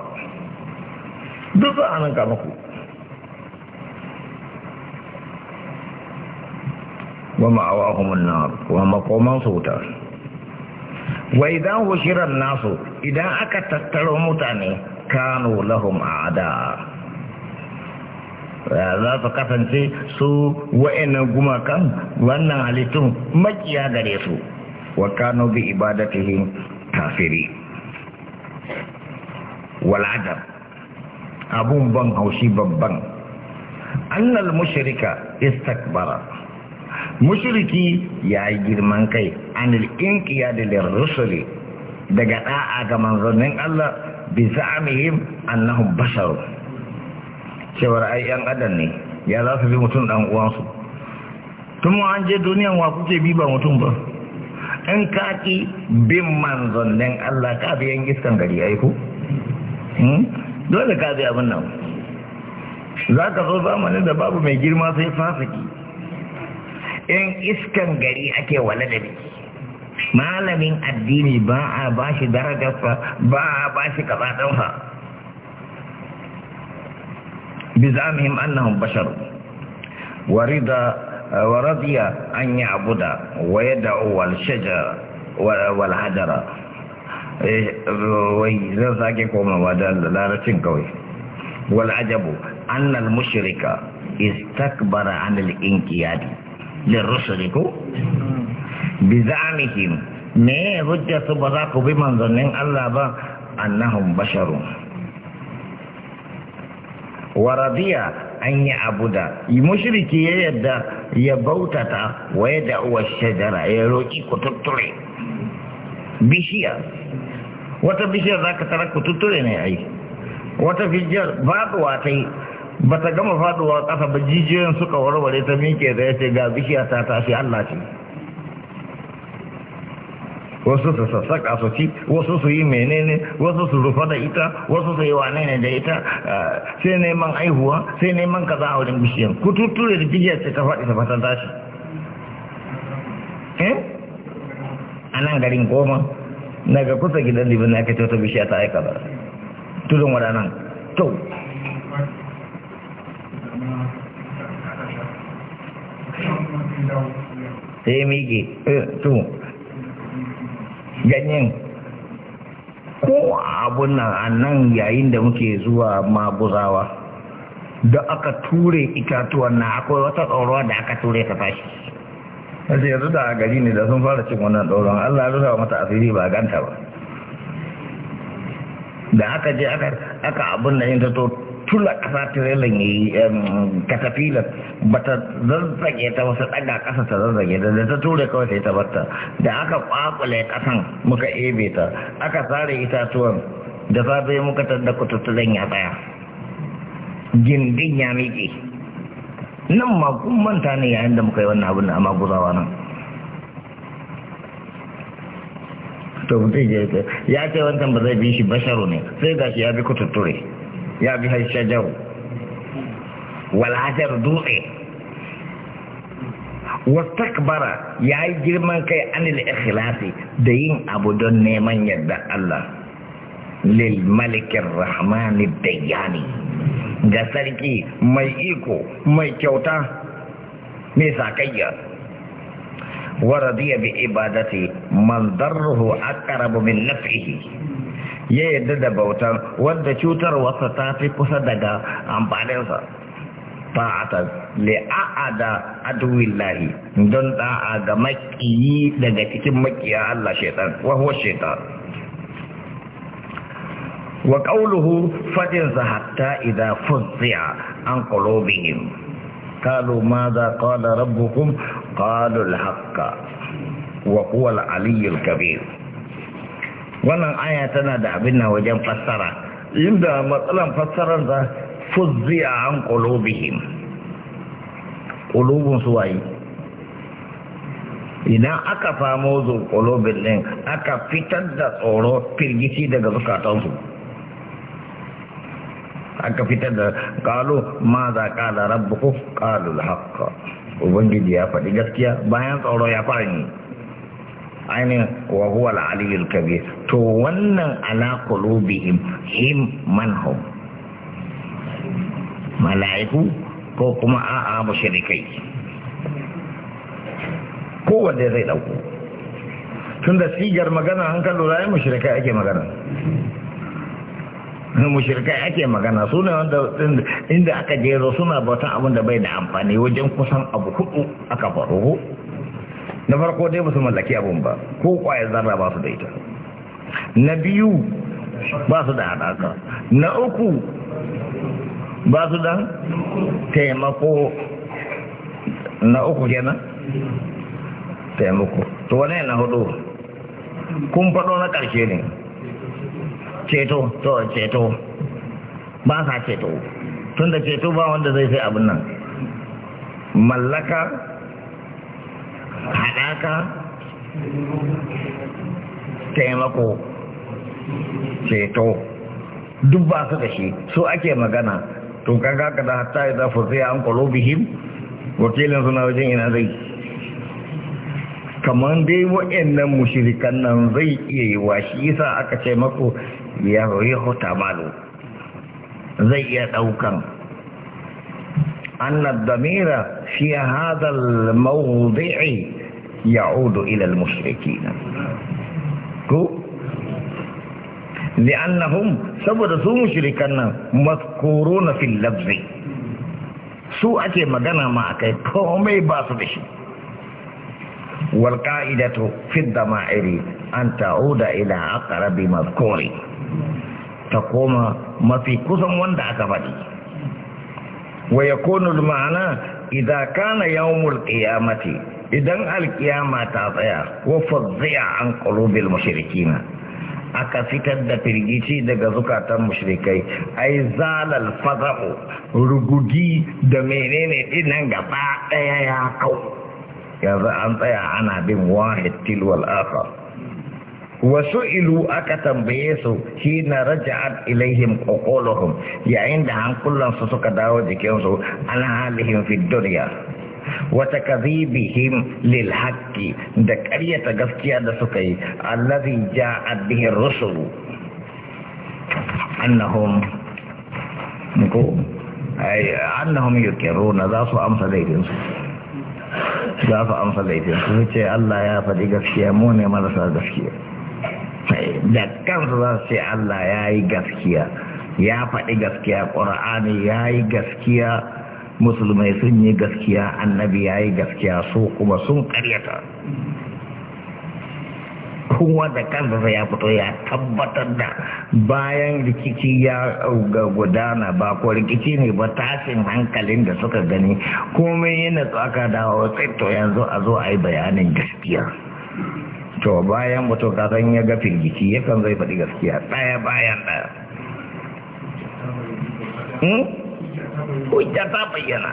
duk a nan ka muku wa ma'awa humun na wa makoman su wuta wa idan hushirar nasu idan aka tattaro mutane kanu lahum a'ada za su kasance su wa'annan gumakan wannan halittun makiya gare su wa kanu bi ibadatihin kafiri wal'adar abun ban haushi babban annal mushrika istakbara mushriki ya yi girman kai anil inkiya da lirrusuli daga da'a ga manzannin Allah bi za'amihim annahum bashar cewar ai yan adam ne ya za su bi mutum dan uwansu tun an je duniyan wa kuke bi ba mutum ba in kaki bin manzannin Allah ka biyan iskan gari ku? Hmm? dole ka zai abin nan za ka zo zamanin da babu mai girma sai fasiki in iskan gari ake da biki malamin addini ba a ba shi darajarsa ba a ba shi kazaɗansa bi zamihim annahum bashar warida wa radiya an ورضي أن يعبد shajara wal والحجر Eh, wai zan sake komawa da larabcin kawai wal ajabu annal mushrika istakbara anil inqiyadi rusul ko bi za'amihim me su ba za ku bi manzannin Allah ba annahum basharun wa radiya an yi abu da mushriki ya yadda ya bautata wa ya da'uwa shajara ya roƙi kututture bishiya wata bishiyar za ka tara kututture ne ai wata bishiyar faduwa ta yi ba ta gama faduwa ƙasa ba jijiyoyin suka warware ta miƙe da ya ce ga bishiya ta tashi Allah ce wasu su sassaƙa su ci wasu su yi menene wasu su rufa da ita wasu su yi wane ne da ita ah, sai neman aihuwa sai neman kaza a wurin bishiyan kututture da bishiyar ce ta faɗi ta fatan tashi eh? anan garin goma na ga kusa gidan libin na aka bishiya ta aika ba tudun waɗannan to sai miki eh, to ganyen ko abun nan a nan yayin da muke zuwa maguzawa da aka ture itatuwan na akwai wata tsoron da aka ture ta tashi na yanzu da a gari ne da sun fara cin wannan ɗauron allah ya rusa mata asiri ba ganta ba da aka je aka abin da yin ta tula ƙasa tirelin ya yi ba ta zazzage ta wasu ɗaga ƙasa ta zazzage da da ta tura kawai ta ta batta da aka ƙwaƙule ƙasan muka ebe ta aka sare itatuwan da safe muka tadda tattalin ya tsaya gindin ya miƙe nan ma kun manta ne yayin da muka yi wannan abin amma guzawa nan to mutum ya ce ya ce wancan ba zai bi shi basharu ne sai ga shi ya bi kututture ya bi har shajaru wal hajar dutse wastakbara ya yi girman kai anil ikhlasi da yin abu don neman yadda Allah lil malikin rahmani dayyani ga sarki mai iko mai kyauta mai sakayya wa radiya bi ibadati man darruhu aqrabu min naf'ihi ya yadda da bautar wadda wasa ta fi kusa daga amfaninsa ta'atan li'a'ada aduwillahi don da'a ga makiyi daga cikin makiya Allah shaitan wahuwa shaitan wa qawluhu fadin hatta idza fuzza an qulubihim qalu za qala rabbukum qalu al-haqqa wa huwa al-aliyyul kabir wannan aya tana da abin na wajen fassara inda matsalan fassarar da fuzziya an qulubihim su waye? idan aka famo zo qulubin din aka fitar da tsoro firgici daga zukatansu aka fitar da kalu ma za kala rabbuku kalu haka ubangiji ya faɗi gaskiya bayan tsoro ya fara ne. ainihin wa huwa al Kabe. to wannan ala qulubihim him manhum mala'iku ko kuma a'a mushrikai kowanne zai dauko da sigar magana an kan lura ya mushrikai ake magana mushirkai ake magana suna wanda inda aka jero suna bautan abin da bai da amfani wajen kusan abu hudu aka faru na farko dai ba su mallaki abin ba ko kwaya zarra ba su da ita na biyu ba su da haɗaka na uku ba su da taimako na uku kenan taimako to wane na hudu kun faɗo na ƙarshe ne ceto to ceto ba sa ceto tun da ceto ba wanda zai sai abin nan mallaka hadaka, taimako ceto duk ba su da shi su ake magana to kaga ka da hatta ya zafi zai an kwalo bihim wakilin suna wajen ina zai kamar dai wa'annan mushirikan nan zai iya yi wa shi yasa aka ce mako ya yuhtamalu zai iya daukan anna damira fi hadha al-mawdi'i ya'udu ila al-mushrikeen ko لأنهم سبب سو مشركنا مذكورون في اللفظ سو أكي مغانا ما أكي كومي باسدش والقائدة في الضمائر أن تعود إلى أقرب مذكور ta koma mafi kusan wanda aka faɗi wa ya konul ma'ana idan kana yawmul qiyamati idan alkiyama ta tsaya ko fazzi'a an qulubil mushrikina aka fitar da firgici daga zukatan mushrikai ai zalal faza'u rugugi da menene dinan gaba ɗaya ya kau yanzu an tsaya ana bin wahid tilwal akhar وسئلوا أكتم بيسو حين رجعت إليهم قولهم يعين عن كل سسوك داو جكيونسو على حالهم في الدنيا وتكذيبهم للحق دكرية قفتيا دسوكي الذي جاءت به الرسل أنهم نكو أي أنهم يكرون ذا سو أمس ليدنسو za su amsa الله يا ce Allah ya faɗi gaskiya mu da kansa za su Allah ya yi gaskiya ya faɗi gaskiya ƙura'ani ya yi gaskiya musulmai sun yi gaskiya annabi ya yi gaskiya su kuma sun ƙaryata Kuma da kansa ya fito ya tabbatar da bayan rikici ya gudana ba ko rikici ne ba tashin hankalin da suka gani komai yana tsaka dawo to yanzu a zo a yi bayanin gaskiya to bayan mutum kasan ya ga firgici kan zai faɗi gaskiya ɗaya bayan ɗaya hmm? hujja ta bayyana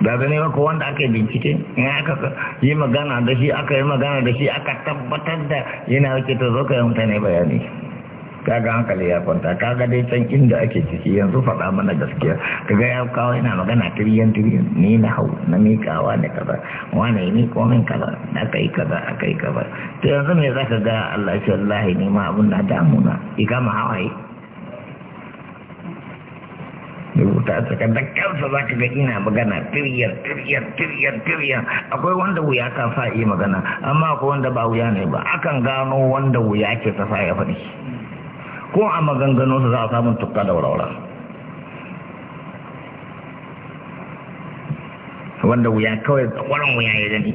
da zane ko wanda aka yi bincike in aka yi magana da shi aka yi magana da shi aka tabbatar da yana wake ta zo ka yi mutane bayani kaga hankali ya kwanta kaga dai can inda ake ciki yanzu faɗa mana gaskiya kaga ya kawo yana magana tiriyan tiriyan ni na hau na mikawa ne kaza wane ni min kaza na yi kaza a yi kaza to yanzu me za ka ga Allah ya wallahi ne ma abun na damuna gama hawaye rubuta a tsakar da kansa za ka ga ina magana tiriyar tiriyar tiriyar tiriyar akwai wanda wuya ka sa magana amma akwai wanda ba wuya ne ba akan gano wanda wuya ke ta sa ya faɗi ko a maganganunsa za a samun tukka da wara-wara. wanda wuya kawai tsawaron wuya ya gani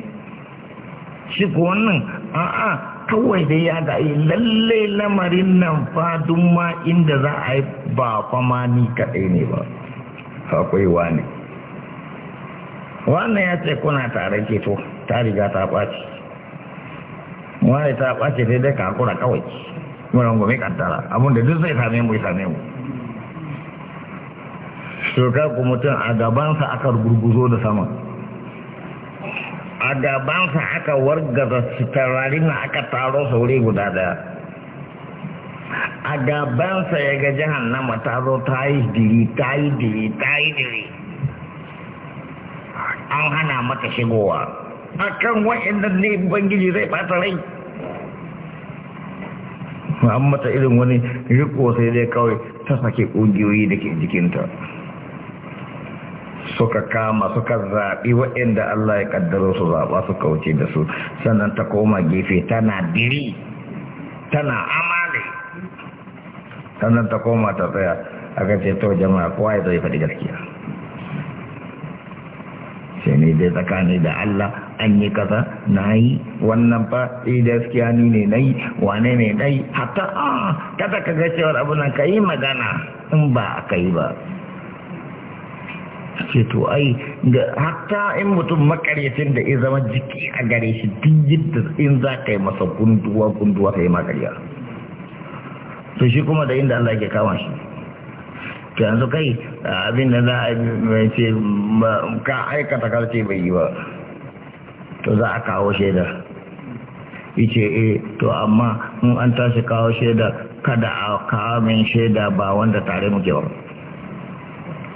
shi ko wannan a'a kawai dai ya ga lalle lamarin nan fadun ma inda za a yi ba fama ni kaɗai ne ba akwai wani wannan ya ce kuna tare ke to ta riga ta ɓaci wani ta ɓaci dai dai kakura kawai mu rangwame kaddara abinda duk zai same mu ya same mu shekar ku mutum a gabansa aka gurguzo da sama a gabansa aka wargaza tararin na aka taro saurin guda daya a gabansa ya ga jihar na mataro ta yi diri ta yi diri ta yi diri an hana mata shigowa kan wa'in ne bangiji zai bata rai an mata irin wani riko sai dai kawai ta sake ƙungiyoyi da ke jikinta suka kama suka zaɓi waɗanda Allah ya ƙaddaro su zaɓa su wuce da su sannan ta koma gefe tana diri tana amale sannan ta koma ta tsaya aka ce to jama'a kowa ya zai faɗi gaskiya sai ne dai tsakani da Allah an yi kaza na yi wannan fa da eh, gaskiya ni ne na yi wane ne na yi hatta a ah, kada ka ga cewar abu nan ka yi magana in ba a kai ba ce to ai ga hatta in mutum makaryacin da ya zama jiki a gare shi din yadda in za ka yi masa gunduwa gunduwa ka yi makarya to shi kuma da inda Allah ke kama shi yanzu kai abin da za a ce ka aikata karce bai yi ba to za a kawo shaidar ice e eh, to amma in an tashi kawo shaidar kada a kawo min shaida ba wanda tare muke ba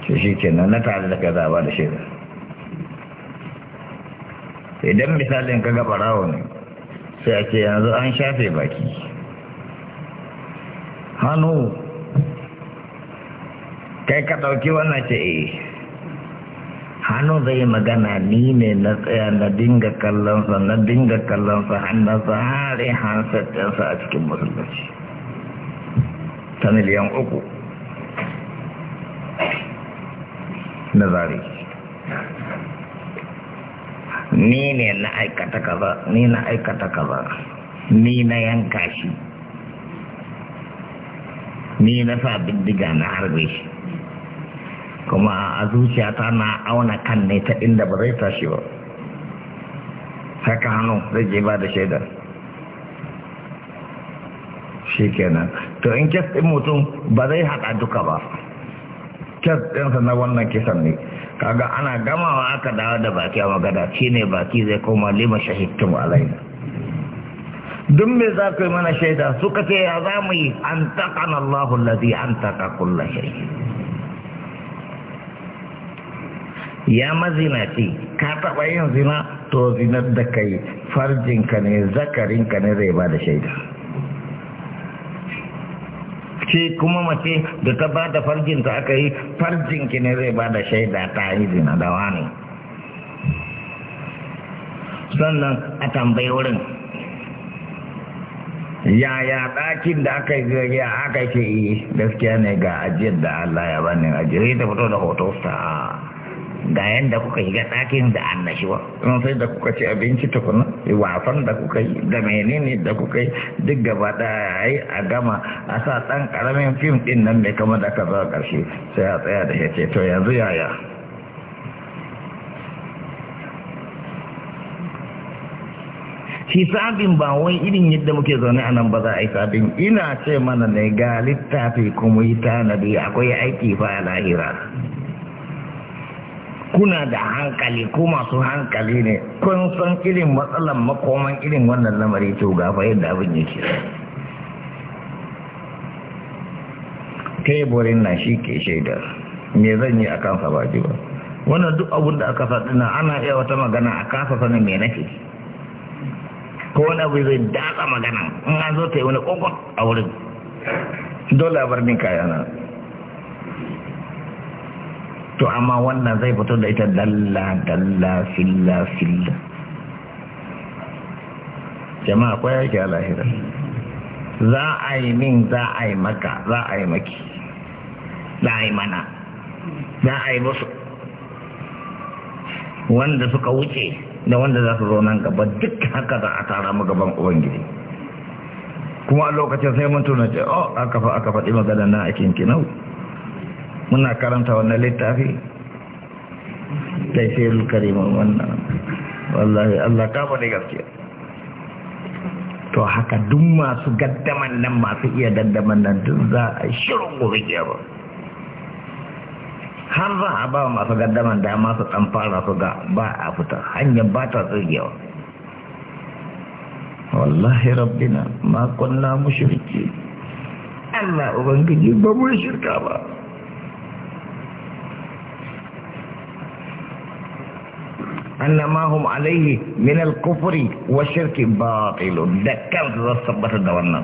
ce shi kenan na tare da ka za ba da shaidar idan misalin ka gaba rawo ne sai a ce yanzu an shafe baki hannu kai ka ɗauki wannan ce eh hannu zai magana ni ne na tsaya na dinga kallonsa na dinga kallonsa hannunsa har hansar sa a cikin musulunci ta miliyan uku na zare ni ne na aikata kaza ni na aikata kaza ni na yanka shi ni na sa bindiga na harbe shi kuma a zuciya ta na auna kan ne ta inda ba zai tashi ba haka hannu zai je ba da shaidar shi kenan to in kes ɗin mutum ba zai haɗa duka ba kes ɗinsa na wannan kisan ne kaga ana gamawa aka dawo da baki a magana shi ne baki zai koma lima shahittin alaina duk me za ku yi mana shaida suka ce ya za mu yi an taƙan Allahun lazi an taƙa kullum shai ya mazinaci ka taɓa yin zina to zinar da kai farjinka ne zakarinka ne zai ba da shaida ce kuma mace da ta ba da farjinta aka yi farjinki ne zai ba da shaida ta yi zina da wani sannan a tambayi wurin yaya ɗakin da aka yi aka ce yi gaskiya ne ga ajiyar da Allah ya bani ajiyar ta fito da hoto ga yadda kuka yi ga ɗakin da annashuwa. kuma sai da kuka ci abinci tukuna wafan da kuka yi da menene da kuka yi duk gaba yi a gama a sa ɗan ƙaramin fim ɗin nan mai kama da kaza ƙarshe sai a tsaya da ya to yanzu yaya hisabin ba wai irin yadda muke zaune a nan ba za a yi sabin ina ce mana ne ga littafi kuma yi tanadi akwai aiki fa a lahira kuna da hankali ko masu hankali ne kun san irin matsalan makoman irin wannan lamari to gafa yadda abin ya ce teburin na shi ke shaidar me zan yi a kansa ba ji ba wannan duk abin da aka faɗi na ana iya wata magana a kasa sanin me nake ko wani abu zai datsa magana in an zo ta yi wani kokon a wurin dole a bar min kayana to amma wannan zai fito da ita dalla dalla filla filla jama'a akwai ya a lahira za a yi min za a yi maka za a yi maki za a yi mana za a yi musu wanda suka wuce da wanda za su zo nan gaba duk haka za a tara mu gaban ubangiji kuma a lokacin sai mun tuna ce oh aka fa aka faɗi magana na a kinkinau muna karanta wannan littafi sai karimin wannan wallahi Allah kama ne gaskiya to haka duk masu gaddaman nan masu iya daddaman nan duk za a shirin gobe ba har za a ba masu gaddaman dama masu dan fara su ga ba a fita hanyar ba ta tsirgewa wallahi rabbina ma kunna mushriki Allah ubangiji ba mu shirka ba أن ما هم عليه من الكفر والشرك باطل دكان تصبت دورنا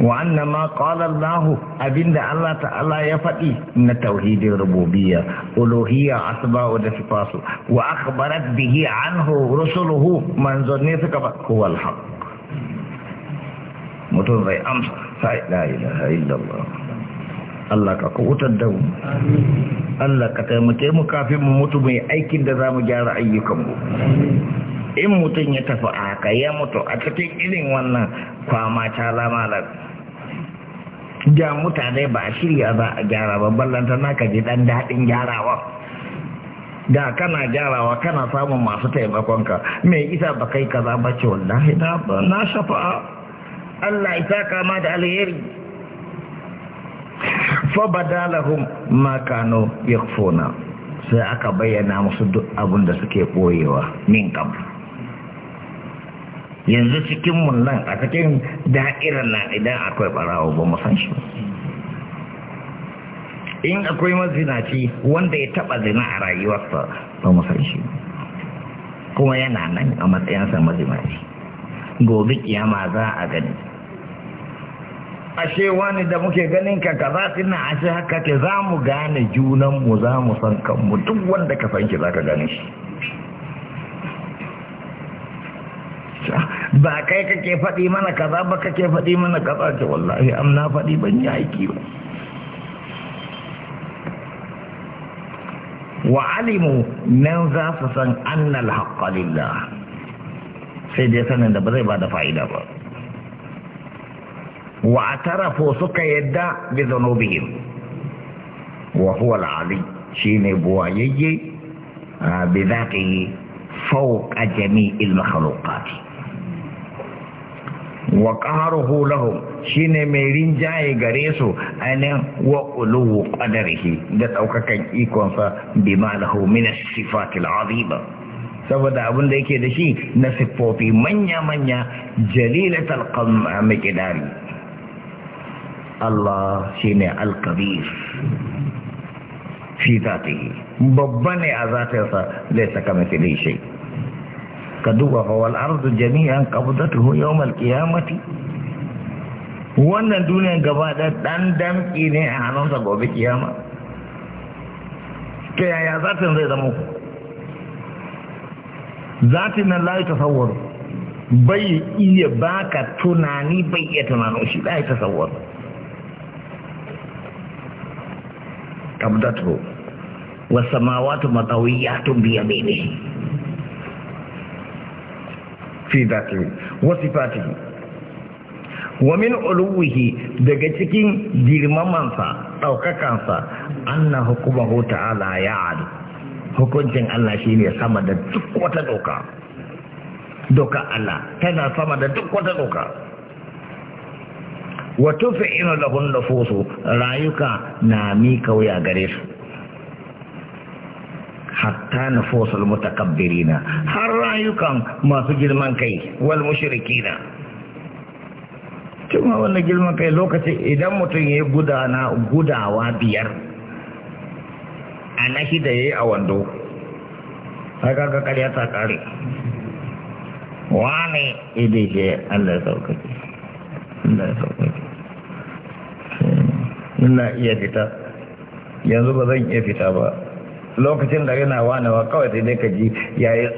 وأن ما قال الله أبين الله تعالى يفدي من توحيد الربوبية ألوهية أسماء وصفات وأخبرت به عنه رسله من ظنيتك هو الحق متوضي أمس لا إله إلا الله Allah ka kutar da mu Allah ka taimake mu kafin mu mutu mai aikin da za mu gyara ayyukanmu in mutum ya tafi a haka ya mutu a cikin irin wannan kwama ta lamalar da mutane ba a shirya za a gyara ba ballanta na ka ji dan daɗin gyarawa da kana gyarawa kana samun masu taimakonka mai isa ba kai kaza ba ce wallahi na shafa'a Allah isa kama da alheri fa badalahum ma kanu yakfuna sai aka bayyana musu duk abin da suke koyewa min kam yanzu cikin mun nan a cikin da'irar nan idan akwai barawo ba mu san shi in akwai mazinaci wanda ya taba zina a rayuwarsa ba mu san shi kuma yana nan a matsayinsa mazinaci gobe kiyama za a gani ashe wani da muke ganin ka kaza tana ashe haka ke za mu gane junanmu za mu san kanmu duk wanda ka san ki za ka gani shi ba kai kake faɗi mana kaza ba kake faɗi mana kaza ce wallahi am na faɗi ban yi aiki ba wa alimu nan za su san annal haqqa sai dai sanin da ba zai ba da fa'ida ba واعترفوا سك يدا بذنوبهم وهو العلي شين بوايي آه، بذاته فوق جميع المخلوقات وقهره لهم شين ميرين جاي غريسو أن وقلو قدره دت أوكا كان إيكوان بما له من الصفات العظيمة saboda abin da yake da shi na siffofi manya-manya jalilatar Allah shi al-kabir fi zatihi babba ne a zatarsa laysa kamithlihi shay ka duba fa arzu jami'an qabdatuhu yawm yau qiyamati wannan duniyan gaba da dan damki ne a hannunsa gobe kiyama ta yaya zatin zai zama ku zatin nan layi tasawwar bai iya baka tunani bai iya tunanin shi layi tasawwar qabdatuhu was samawati matawiyatun bi yaminihi fi dhati wa sifatihi wa min uluwihi daga cikin girmamansa ɗaukakansa anna hukumahu ta'ala ya hukuncin Allah shine sama da duk wata doka doka Allah tana sama da duk wata doka wa tufi'inu lahun nufusu rayuka na mika wuya gare su hatta nufusul mutakabbirina har rayukan masu girman kai wal mushrikina cin wannan girman kai lokaci idan mutum ya gudana gudawa biyar a na da ya yi a wando haka ga karya ta kare wani idai je allah ya sauƙaƙe allah ya sauƙaƙe ina iya fita yanzu ba zan iya fita ba lokacin da yana wanawa kawai sai dai ka ji yayi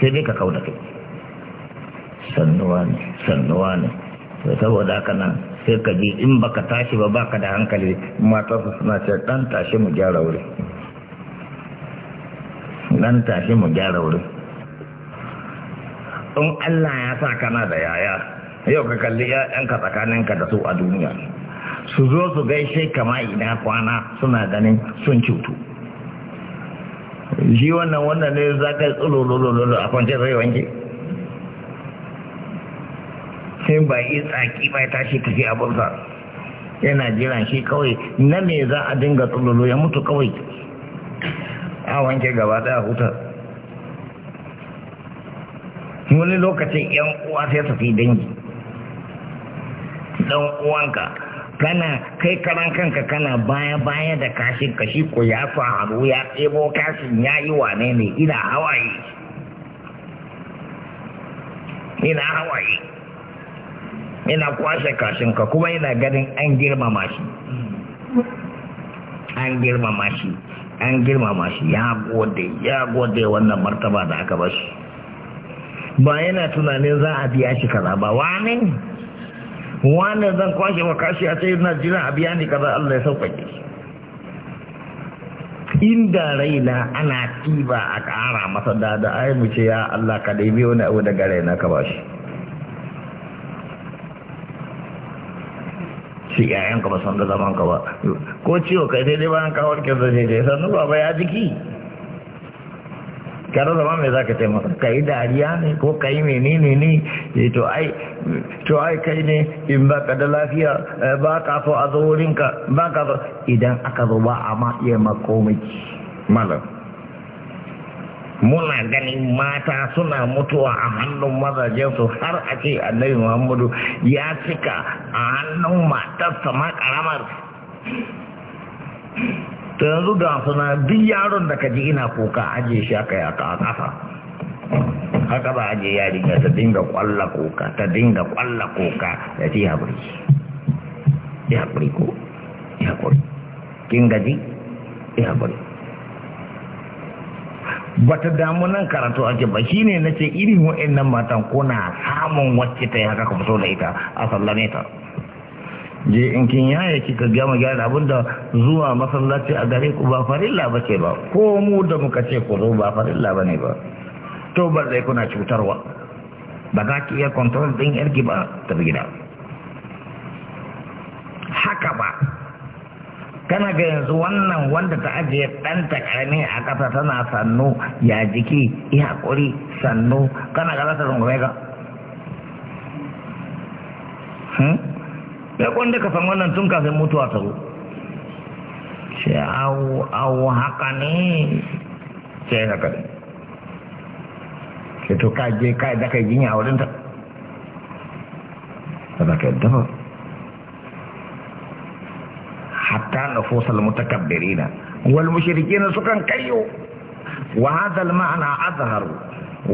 sai dai ka da kai sannuwa ne sannuwa ne saboda haka nan sai ka ji in baka tashi ba baka da hankali matarsa suna ce dan tashi mu gyara wuri dan tashi mu gyara wuri in Allah ya sa kana da yaya yau ka kalli ‘ya'yanka tsakaninka da su a duniya su zo su gaishe kama ina kwana suna ganin sun cutu shi wannan wannan ne za ka yi tsulolololo a kwanci rai wanke sai ba yi tsaki ba ya tashi tafi a bursa yana jiran shi kawai na me za a dinga tsulolo ya mutu kawai a wanke gaba daya hutar wani lokacin yan uwa sai tafi dangi dan uwanka kana kai karan kanka kana baya baya da kashin kashi ko ya faru ya tsebo kashin ya yi wane ne ina hawaye ina hawaye ina kwashe kashin ka kuma ina ganin an girmama shi an girmama shi an girmama shi ya gode ya gode wannan martaba da aka bashi ba yana tunanin za a biya shi kaza ba wane wani zan kwashe wa kashi a tsayin najeriya a biya ne kaza allah ya sauƙaƙe inda raina ana ɗiba a ƙara masa dada ai mu ce ya allah ka ɗaibe wani abu daga raina ka ba shi shi yayan ka ba san da zaman ka ba ko ciwo kai daidai bayan ka ke da daidai sannu baba ya jiki karo zama mai zaka taimaka ka yi dariya ne ko ka yi menene ne eh, to ai to ai kai ne in ba ka da lafiya eh, ba ka so a zuwurinka ba ka so idan aka zo ba a ma iya makomai malam muna ganin mata suna mutuwa a hannun mazajen su har a ce annabi muhammadu ya cika a hannun matarsa ma karamar ta yanzu ga suna duk yaron da ka ji ina kuka ajiye shi aka yaka a kasa haka ba aje yarinya ta dinga kwalla koka ta dinga kwalla koka da ya haƙuri ya haƙuri ko ya haƙuri kin gaji ya haƙuri ba ta damu nan karatu a ba shi ne na ce irin wa'in nan matan kuna samun wacce ta yi haka ka fito da ita a sallame ta je in kin yaya kika gama gyara abinda zuwa masallaci a gare ku ba farilla ba ce ba ko mu da muka ce ku zo ba farilla ba ne ba to ba zai kuna cutarwa ba za ki iya kontrol ɗin yarki ba ta gida haka ba kana ga yanzu wannan wanda ta ajiye ɗanta ƙarami a ƙasa tana sannu ya jiki ya haƙuri sannu kana ga zata rungume ka hmm? ya kwanda ka san wannan tun kafin mutuwa ta zo ce au au haka ne ce haka ne ke to ka je ka da kai jinya a wurin ta ba ka yadda ba hatta nufusal mutakabbirina wal mushrikina sukan karyo wa hadha al ma'na azharu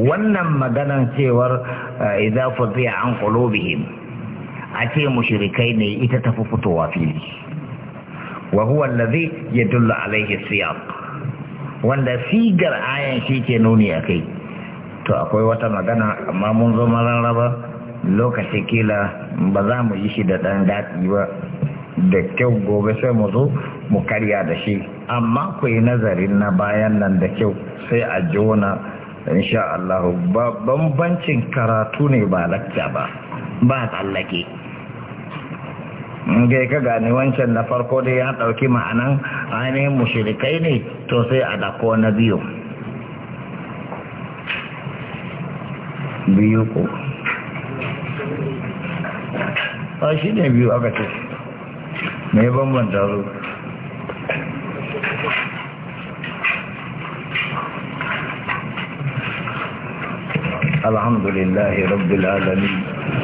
wannan maganan cewar eh, idza fadiya an qulubihim a ce mushrikai ne ita ta fi fitowa fili wa huwa alladhi yadullu alayhi siyaq wanda sigar ayan shi ke nuni akai to akwai wata magana amma mun zo mararraba lokaci kila ba za mu yi shi da ɗan daɗi ba da kyau gobe sai mu zo mu karya da shi amma ku yi nazarin na bayan nan da kyau sai a jona insha Allah bambancin karatu ne ba lakta ba ba tsallake ga ka gane wancan na farko da ya ɗauki ma'anan ainihin mushirikai ne to sai a dako na biyu biyu ko a shi ne biyu aka ce mai bambanta zo alhamdulillahi rabbil alamin